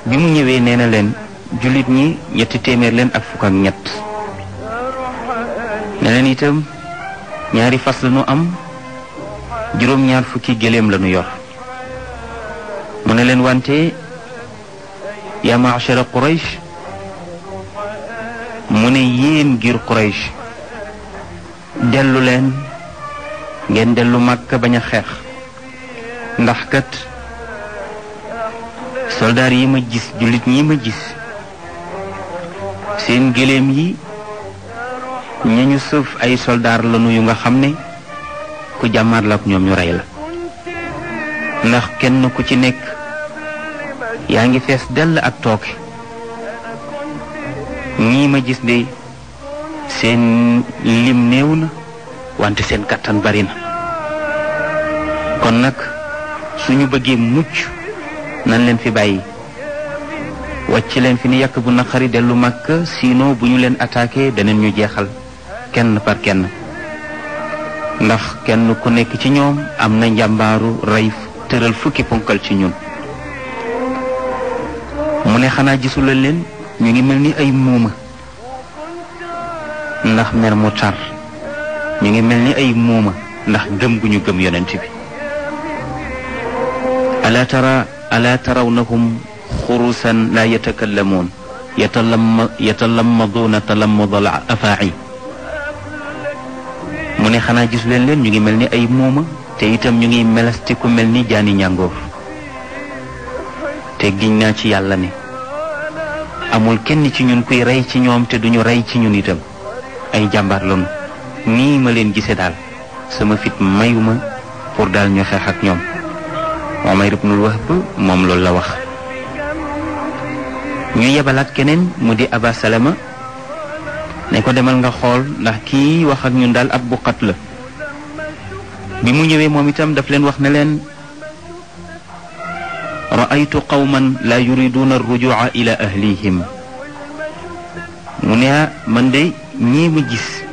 bi mu ñëwee nee na leen jullit ñi ñetti téeméer leen ak fukk ak ñett nee itam ñaari fas la ñu am juróom-ñaar fukki géléem la ñu yor mu ne leen wante yaa maachara Quraysh mu ne yéen ngir Quraysh dellu leen ngeen dellu Màkka bañ a xeex ndax kat soldaar yi ma gis jullit ñi ma gis seen géléem yi ñi ñu suuf ay soldaar la nuyu nga xam ne ku jàmmaar la ak ñoom ñu rey la ndax kenn ku ci nekk yaa ngi fees ak tooke ñii ma gis de seen lim néew na wante seen kattan bari na kon nag suñu bëggee mucc nan leen fi bàyyi wacc leen fi ni yàkk bu naqari dellu màkk sinon bu ñu leen attaqué danañ ñu jeexal kenn par kenn ndax kenn ku nekk ci ñoom am na njàmbaaru rey tëral fukki ponkal ci ñun mu ne xanaa gisula leen ñu ngi mel ni ay muuma ndax mer mu tar ñu ngi mel ni ay muuma ndax gëm gu ñu gëm yonent bi ala tara ala tarawnahum khurusan la yatakallamuun yatalammaduuna talamud al afaa'i mu ne xanaa gis leen leen ñu ngi mel ni ay muuma te itam ñu ngi melasti ku mel ni jaani ñàngoor te giñ naa ci yàlla ne amul kenn ci ñun kuy rey ci ñoom te duñu rey ci ñun itam ay jàmbaar lañu nii ma leen gise daal sama fit mayuma pour daal ñu xeex ak ñoom Umayr ibnul Wahb moom loolu la wax ñu yebalaat keneen mu di Aba Salama ne ko demal nga xool ndax kii wax ak ñun daal ab buqat la bi mu ñëwee moom itam daf leen wax ne leen raaytu qawman laa yuriduuna arrujua ila ahlihim mu ne ah, man de ñii mu gis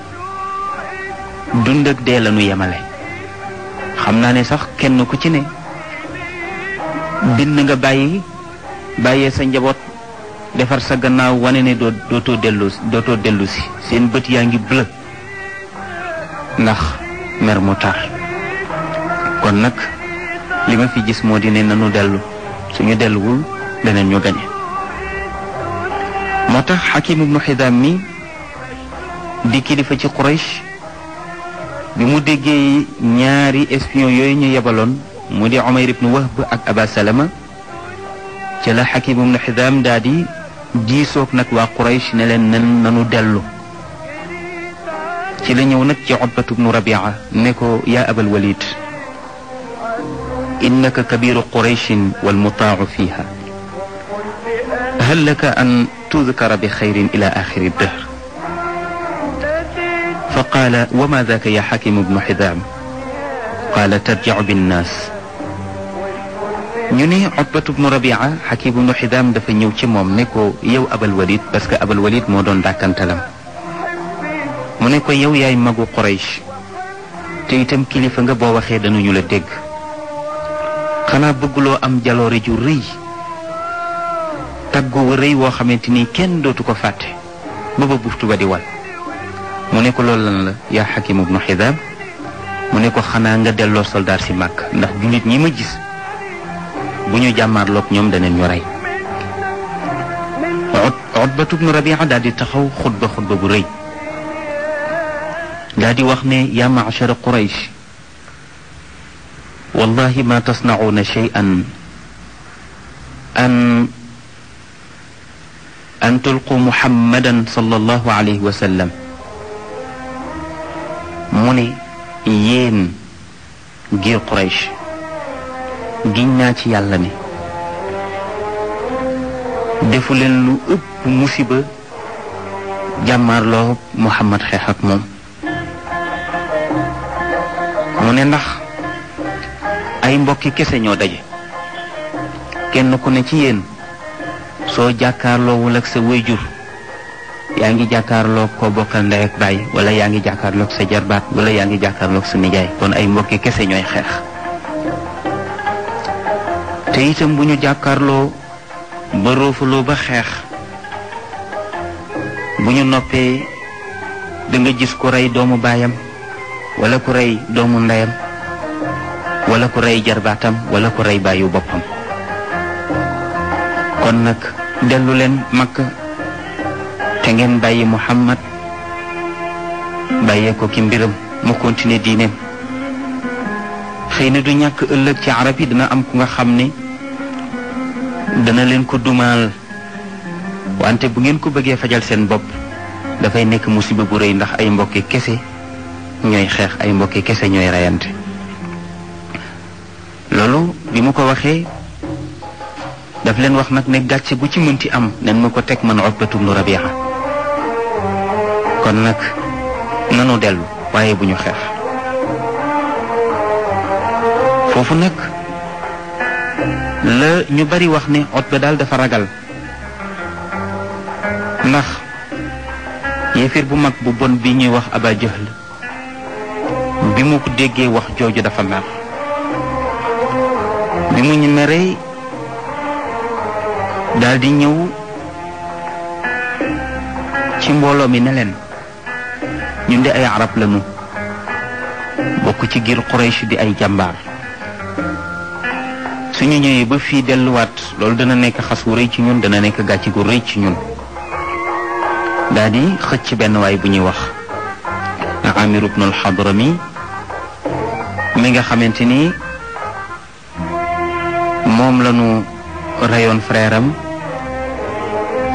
dund ak dee la nu yemale xam naa ne sax kenn ku ci ne bind nga bàyyi bàyyee sa njaboot defar sa gannaaw wane ne dootoo dellu dootoo dellu si seen bët yaa ngi bleu ndax mer mu tar kon nag li ma fi gis moo di ne nanu dellu suñu delluwul danañ ñu gañe moo tax Hakim ibnu Xidaam mi di kilifa ci Quraysh bi mu déggee ñaari espion yooyu ñu yebaloon mu di Umayr ibnu Wahb ak Aba Salama ci la Hakim ibnu daa di جيسوك nag waa Quraysh ne leen nan nanu dellu ci la ñëw nag ci Utbatu bnu Rabia ne ko walid إنك كبير قريش والمطاع فيها هل لك أن تذكر بخير إلى آخر الدهر فقال وما ذاك يا حكيم بن حذام قال ترجع بالناس ñu ni Utbatu bnu Rabia Xakiim bnu Xidaam dafa ñëw ci moom ne ko yow Abal Walid parce que Abal Walid moo doon dàkkantalam mu ne ko yow yaay magu Quraysh te itam kilifa nga boo waxee dañuñu la dégg xanaa bëgguloo am jaloore ju rëy taggu wa rëy woo xamante ni kenn dootu ko fàtte ba ba buftu ba di wal mu ne ko loolu lan la yaa Xakiim bnu Xidaam mu ne ko xanaa nga delloo soldaar si màkk ndax jullit ñi ma gis buñu jamar lok ñom daneen ñu rey Utbatu bnu rabi'a daal di taxaw khutba khutba bu reey daal di wax ne ya ma'shar quraish wallahi ma tasna'una shay'an an an tulqu muhammadan sallallahu alayhi wa sallam muni yeen جيل quraish giñ naa ci yàlla ne defu leen lu ëpp musiba jàmmaarloo Muhammad xeex ak moom mu ne ndax ay mbokki kese ñoo daje kenn ku ne ci yéen soo jàkkaarloowul ak sa jur yaa ngi jàkkaarloo ko bokkal ndey ak baay wala yaa ngi jàkkaarloog sa jarbaat wala yaa ngi jàkkaarloog sa nijaay kon ay mbokki kese ñooy xeex te itam bu ñu jàkkaarloo ba roofaloo ba xeex bu ñu noppee danga gis ku rey doomu baayam wala ku rey doomu ndeyam wala ku rey jarbaatam wala ku rey baayu boppam kon nag dellu leen makk te ngeen bàyyi muhammad bàyyee ko ki mbiram mu continuer diineem xëy na du ñàkk ëllëg ci arab yi dina am ku nga xam ni dana leen ko dumaal wante bu ngeen ko bëggee fajal seen bopp dafay nekk musiba bu rëy ndax ay mbokki kese ñooy xeex ay mbokki kese ñooy rayante loolu bi mu ko waxee daf leen wax nag ne gàcce bu ci mënti am nen ma ko teg man obatum nu rabiha kon nag nanu dellu waaye bu ñu xeex foofu la ñu bari wax ne Utba daal dafa ragal ndax yéefir bu mag bu bon bi ñuy wax Aba Jahl bi mu ko déggee wax jooju dafa mer bi mu ñu meree daal di ñëw ci mbooloo mi ne leen ñun de ay arab lañu bokk ci giir Quraysh bi ay jàmbaar suñu ñëwé ba déllu wat loolu dana nekk xas wu reey ci ñun dana nekk gàcc gu reey ci ñun daal di xëcc benn waay bu ñuy wax amir ibn al-hadrami mi nga xamante ni moom lañu rayoon frère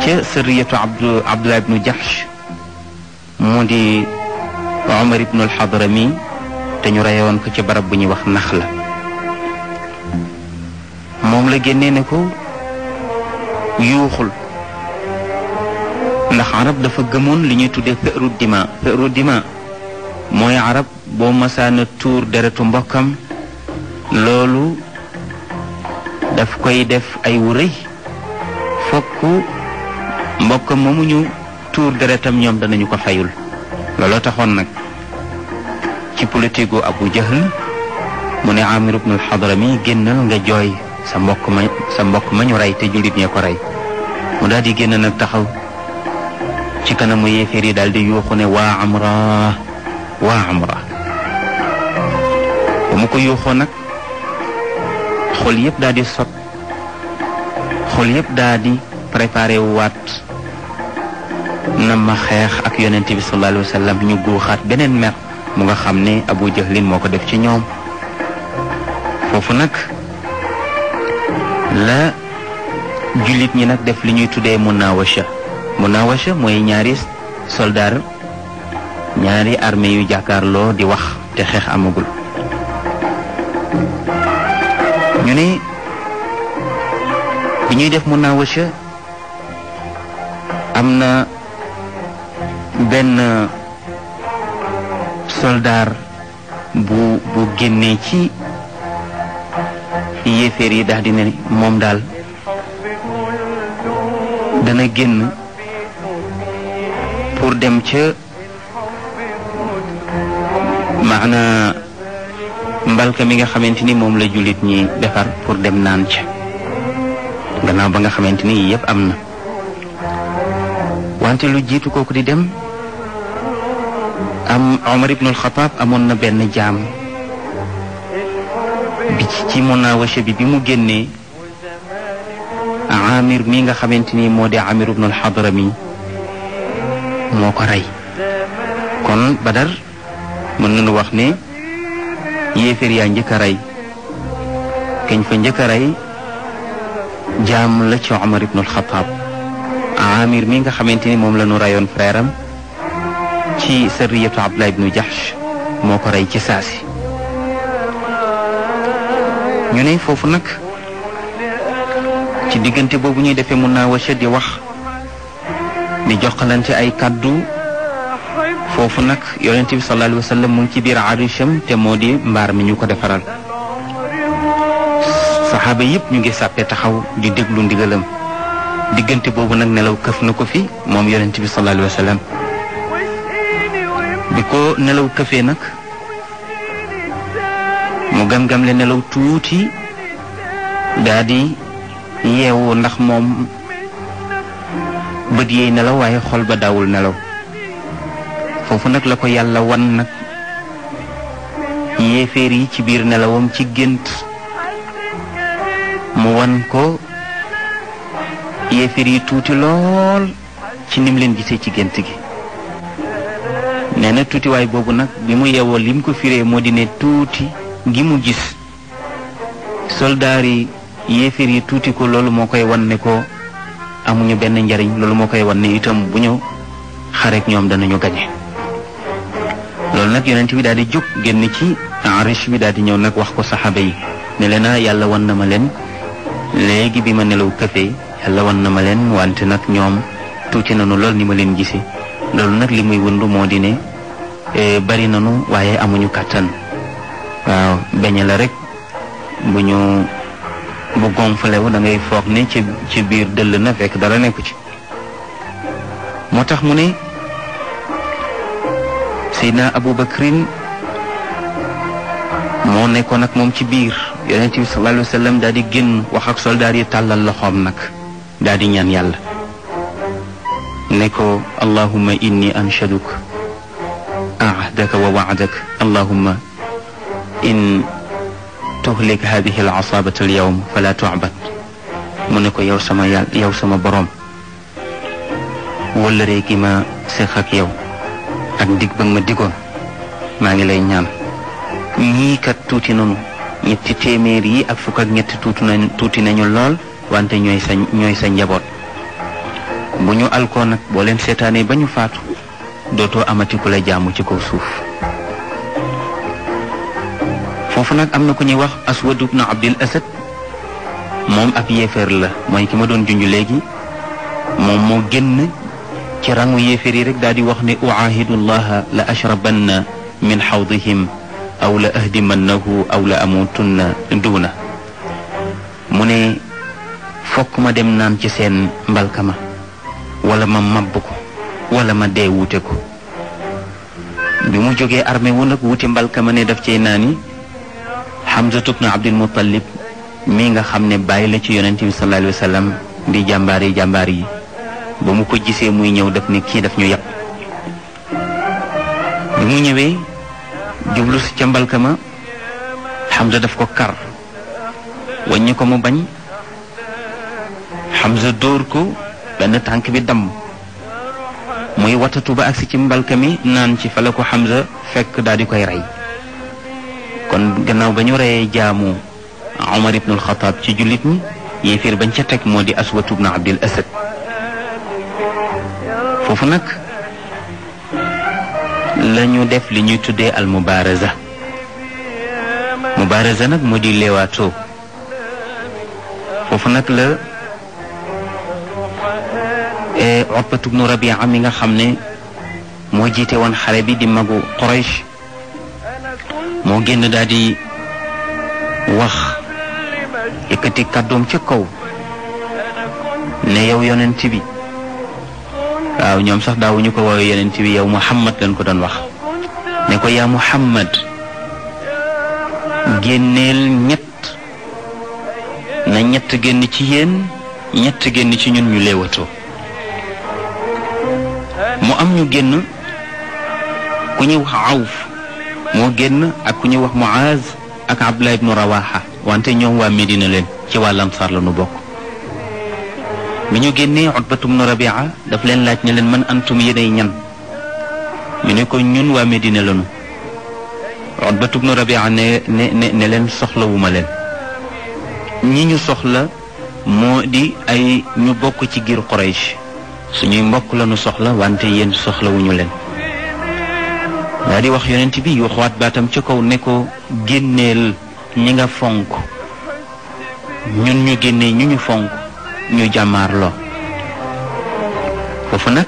ca sëriyatu abdu abdullah ibnu jahsh mu di omar ibn al-hadrami te ñu rayoon ko ci barab bu ñuy wax nax la moom la génnee ne ko yuuxul ndax arab dafa gëmoon li ñuy tuddee peru dima peru dima mooy arab boo masaana tuur deretu mbokkam loolu daf koy def ay wu rëy fokk mbokkam moomu ñu tuur deretam ñoom danañu ko fayul looloo taxoon nag ci politique gu Abu Jahl mu ne Amir ibn al-Hadrami génnal nga jooy sa mbokk ma sa mbokk ma ñu rey te jullit ñee ko rey mu daal di génn nag taxaw ci kanamu yéeféer yi daal di yuuxu ne waa amra waa amra ba mu ko yuuxoo nag xol yëpp daal di sot xol yëpp daal di préparé waat na ma xeex ak yonent bi sallallahu alayhi ñu guuxaat beneen mer mu nga xam ne Abu Jahlin moo ko def ci ñoom foofu nag la jullit ñi nag def li ñuy tuddee munaawasha munaawasha mooy ñaari soldaar ñaari armée yu jàkkaarloo di wax te xeex amagul ñu ne bi ñuy def munaawasha am na benn soldaar bu bu génnee ci yéeféer yi daal di ne moom daal dana génn pour dem ca maana mbalka mi nga xamante ni moom la jullit ñi defar pour dem naan ca gannaaw ba nga xamante ni yëpp am na wante lu jiitu kooku di dem am Omar ibnul Xataab amoon na benn jaam ci munawasha bi bi mu génnee amir mi nga xamante ni moo di amir ibnu alxadrami moo ko rey kon badar mën nañu wax ne yéeféer yaa njëkk rey kañ fa njëkk a rey jaam la ci omar ibnu alxataab amir mi nga xamante ni moom la ñu reyoon frère ci sariyatu abdullah ibnu jahsh moo ko rey ci saasi ñu ne foofu nag ci diggante boobu ñuy defee munaawasha di wax di joxalante ay kàddu foofu nag yonent bi sallallahu alayhi mu ci biir arisham te moo di mbaar mi ñu ko defaral saxaaba yëpp ñu ngi sàppe taxaw di déglu ndigalam diggante boobu nag nelaw këf na ko fi moom yonent bi sallallahu alayhi bi ko nelaw këfee nag mu gam-gam le nelaw tuuti daa di yeewu ndax moom bët yeey nelaw waaye xol ba daawul nelaw foofu nag la ko yàlla wan nag yéeféer yi ci biir nelawam ci gént mu wan ko yéeféer yi tuuti lool ci nim leen gisee ci gént gi nee tuutiwaay boobu nag bi mu yeewoo lim ko firee moo di ne tuuti gi mu gis soldaar yi yéefir yi tuuti ko loolu moo koy wan ne ko amuñu benn njariñ loolu moo koy wan ne itam bu ñu xareek ñoom danañu gañe loolu nag yonent bi daal di jóg génn ci arish bi daal di ñëw nag wax ko saxaaba yi ne leen ah, yàlla won na ma leen léegi bi ma nelaw kafe yàlla wan na ma leen wante nag ñoom tuuti nanu lool ni ma leen gisee loolu nag li muy wundu moo di ne eh, bari nanu waaye amuñu kàttan waaw beñe la rek bu ñu bu gonflé wu da ngay foog ni ci ci biir dëll na fekk dara nekku ci moo tax mu ne Seydina Abu Bakrin moo nekkoon ak moom ci biir yonent bi sallallahu alayhi wa sallam daal di génn wax ak soldaar yi tàllal loxoom nag daal di ñaan yàlla ne ko allahumma inni anshaduk ahdaka wa waadaka allahumma in tuhlik hadihi al asabata al yawm fala tu'bad mu ne ko yow sama yàlla yow sama boroom wëllëree gi ma séq ak yow ak dig ba ma digoon maa ngi lay ñaan ñii kat tuuti nanu ñetti téeméer yi ak fukk ñetti tuuti nañu tuuti nañu lool wante ñooy sa ñooy sa njaboot bu ñu alkoon nag boo leen seetaanee ba ñu faatu dootoo amati ku la jaamu ci kaw suuf foofu nag am na ku ñuy wax aswad ibnu abdil asad moom ab yéeféer la mooy ki ma doon junj léegi moom moo génn ci rangu yéeféer yi rek daal di wax ne uaahidullaha la ashrabanna min xawdihim aw la ahdimannahu aw la amutunna duuna mu ne fokk ma dem naan ci seen mbalka ma wala ma mabb ko wala ma dee wuute ko bi mu jógee armée wu nag wuti mbalka ma ne daf cey naani Hamzatu bnu Abdil Muttalib mi nga xam ne bàyyi la ci yonent bi sallallahu alayhi wa di jàmbaar jàmbaar yi ba mu ko gisee muy ñëw daf ne kii daf ñu yàpp bi ñëwee jublu si ca mbalka ma ko kar wàññi ko mu bañ Hamza dóor ko benn tànk bi damm muy watatu ba agsi ci mbalka mi naan ci fa la ko Hamza fekk daal di koy rey kon gannaaw ba ñu reyee jaamu Omar ibn al ci jullit ñi yéeféer bañ ca teg moo di aswatu ibn abdil asad foofu nag la ñu def li ñuy tuddee al mubaaraza mubaaraza nag moo di leewaatoo foofu nag la eh, Utbatu ibn Rabia mi nga xam ne moo jiite woon xale bi di magu Quraysh moo génn daal di wax yëkkati kàddoom ca kaw ne yow yonent bi waaw ñoom sax daawuñu ko woowee yonent bi yow Muhammad lañ ko doon wax ne ko yaa Muhammad génneel ñett na ñett génn ci yéen ñett génn ci ñun ñu léewatoo mu am ñu génn ku ñuy wax moo génn ak ku ñuy wax Muaz ak Abdullah ibnu Rawaha wante ñoom waa Medina leen ci waa Ansaar la nu bokk mi ñu génnee Utbatu ibnu Rabia daf leen laaj ne leen man antum yéenay ñan ñu ne ko ñun waa Medina lañu Utbatu ibnu Rabia ne ne ne leen soxlawuma leen ñi ñu soxla moo di ay ñu bokk ci giir Quraysh suñuy mbokk lanu soxla wante yéen soxlawuñu leen daa di wax yonent bi yu xawaat baatam ca kaw ne ko génneel ñi nga fonk ñun ñu génnee ñu ñu fonk ñu jàmmaar jàmmaarloo foofu nag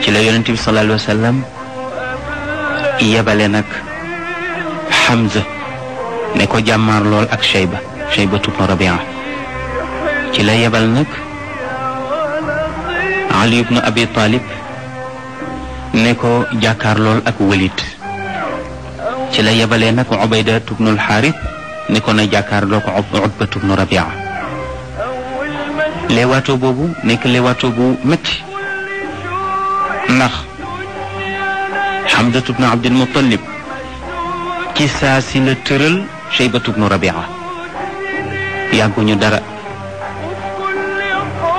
ci la yonent bi sallallahu alayhi yebale nag Hamza ne ko jàmmaar lool ak Shayba Shayba tubnu Rabia ci la yebal nag Ali ibnu Abi Talib boole ko jàkkaarlool ak walid ci la yebale nak ubayda tubnul xaarit ni ko na jàkkaarloo ko ubba ibn rabia le wato leewaatoo boobu le wato bu métti ndax xamdatu bnu abdil mutalib ci saa si la tëral cheybatu ibn rabia ñu dara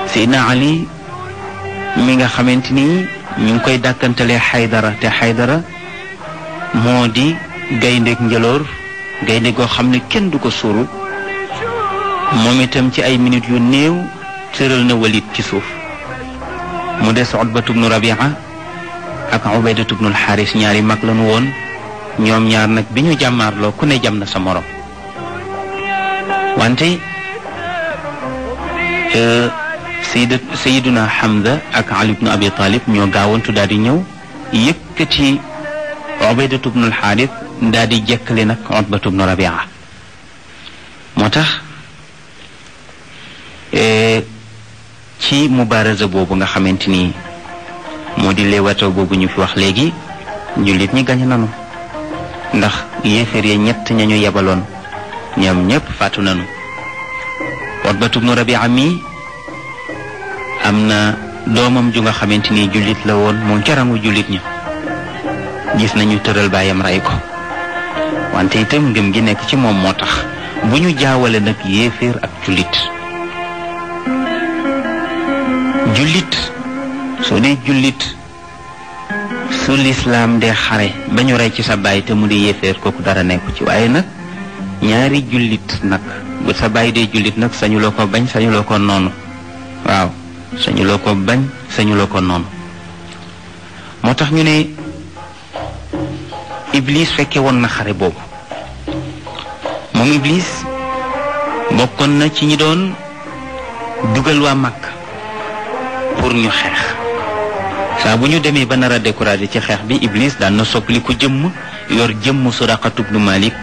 sina ali mi nga xamanteni ñu ngi koy dàkkantalee xaydara te xaydara moo di gayndeek njëloor gaynde goo xam ne kenn du ko suuru moom itam ci ay minutes yu néew tëral na walit ci suuf mu des Utbatu bnu Rabia ak Ubaydatu bnul ñaari mag lañu woon ñoom ñaar nag bi ñu jàmmaarloo ku ne jam na sa morom wante euh, sayid sayiduna Hamza ak Ali ibnu Abi Talib ñoo gaawantu daal di ñëw yëkkati ci bnu al-Xaaris daal di jekkale nag Utbatu bnu Rabia moo tax e, ci mubaaraza boobu nga xamante ni moo di leewato boobu ñu fi wax léegi jullit ñi gañ nanu ndax yéeféer ya ñett ña ñu yebaloon ñoom ñëpp faatu nanu Utbatu bnu Rabia mi am na doomam ju nga xamante ni jullit la woon moom ca rangu jullit ña gis nañu tëral baayam rey ko wante itam ngëm gi nekk ci moom moo tax bu ñu jaawale nag yéeféer ak jullit jullit soo dee jullit su lislaam dee xare ba ñu rey ci sa baay te mu di yéeféer kooku dara nekku ci waaye nag ñaari jullit nag bu sa baay dee jullit nag sañuloo ko bañ sañuloo ko noonu waaw sañu loo ko bañ sañu ko noonu moo tax ñu ne Iblis fekke woon na xare boobu moom Iblis bokkoon na ci ñi doon dugal waa mag pour ñu xeex saa bu ñu demee ba nar a découragé ci xeex bi ibliis daan na soppali ku jëmm yor jëmm Suraqatu bnu Malik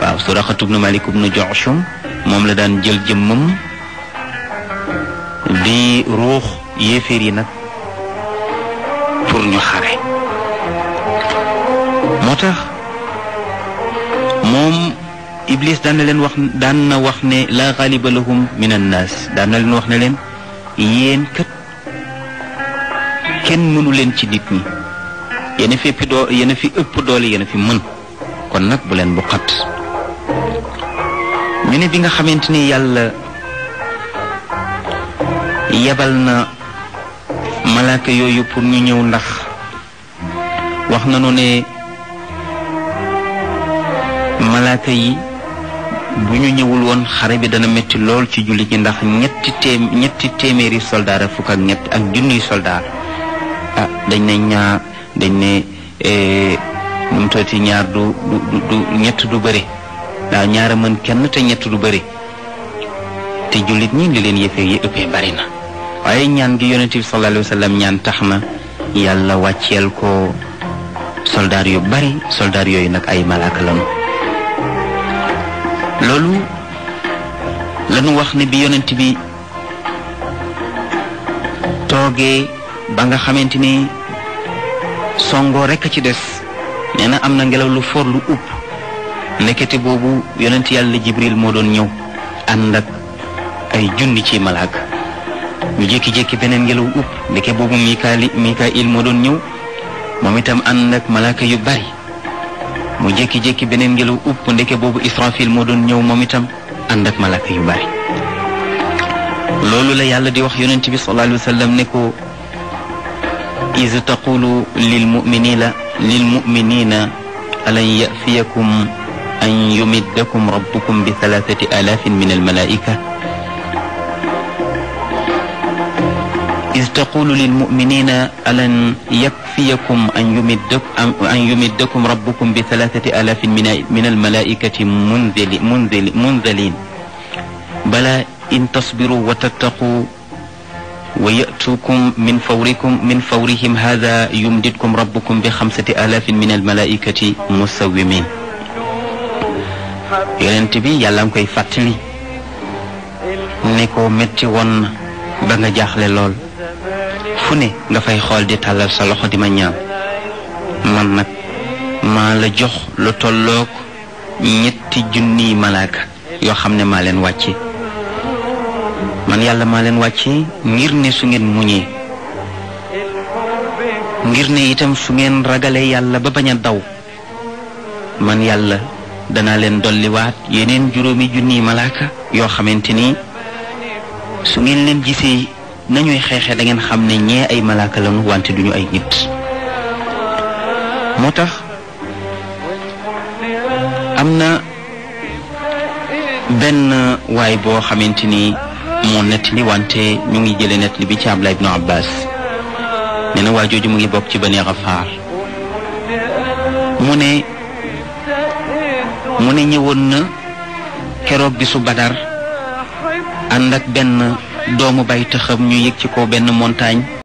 waaw raxatub bnu Malik bnu Joxum moom la daan jël jëmmam di ruux yéeféer yi nag pour ñu xare moo tax moom ibliis daan leen wax daan na wax ne laa xaaliba lahum min wax na leen wax ne kenn mënu leen ci nit ñi yéen a fi ëpp doo yéen a fi ëpp doole yéen fi mën kon nag bu leen bu xat ñu bi nga xamante ni yàlla yebal na malaaka yooyu pour ñu ñëw ndax wax nañu ne malaaka yi bu ñu ñëwul woon xare bi dana metti lool ci jullit yi ndax ñetti téeméeri soldaar ak fukk ak ñett ak junniy soldaar ah dañ ne ñaar dañ ne eh, nu mu tooti ñaar du du du ñett du bëre daaw ñaara mën kenn te ñett du bëre te jullit ñi leen yëfee yi ëppee bari na waaye ñaan gi yonent bi tax na yàlla wàcceel ko soldaar yu bari soldaar yooyu nag ay malaaka lanu loolu lanu wax ni bi yonent bi toogee ba nga xamante ni songoo rekk ci des nee na am na ngelaw lu for lu upp nekkete boobu yonent yàlla jibril moo doon ñëw ànd ak ay junni ci malaaka ñu jékki-jékki beneen ngelaw upp ndeke boobu mikaali mikail moo doon ñëw moom itam ànd ak malaaka yu bari mu jékki-jékki beneen ngelaw upp ndeke boobu israfil moo doon ñëw moom itam ànd ak malaaka yu bari loolu la yàlla di wax yonent bi sallallahu alayhi wa sallam ne ko iz taqulu lil muminina lil muminina alan yafiyakum an yumiddakum rabbukum bi thalathati alafin min al malaika تقول للمؤمنين ألن يكفيكم أن يمدكم, أن يمدكم ربكم بثلاثة آلاف من الملائكة منذل منذل منذلين بلى إن تصبروا وتتقوا ويأتوكم من فوركم من فورهم هذا يمددكم ربكم بخمسة آلاف من الملائكة مسومين yonent bi yàlla ngi نيكو متي ون ko metti fu ne nga fay xool di tàllal sa loxo di ma ñaan man nag maa la jox lu tollook ñetti junni malaaka yoo xam ne maa leen wàcce man yàlla maa leen wàcce ngir ne su ngeen muñee ngir ne itam su ngeen ragalee yàlla ba bañ a daw man yàlla danaa leen dolliwaat yeneen juróomi junniy malaaka yoo xamante ni su ngeen leen gisee nañuy xeexee dangeen xam ne ñee ay malaaka lañu wante duñu ay nit moo tax am na benn waay boo xamante ni moo nettali wante ñu ngi jële nettali bi ci Abdullah ibnu Abbas nee na waa jooju mu ngi bokk ci Bani Gafaar mu ne mu ne ñëwoon na keroog bi su Badar ànd ak benn doomu bay tëxam ñu yëg ci ko benn montagne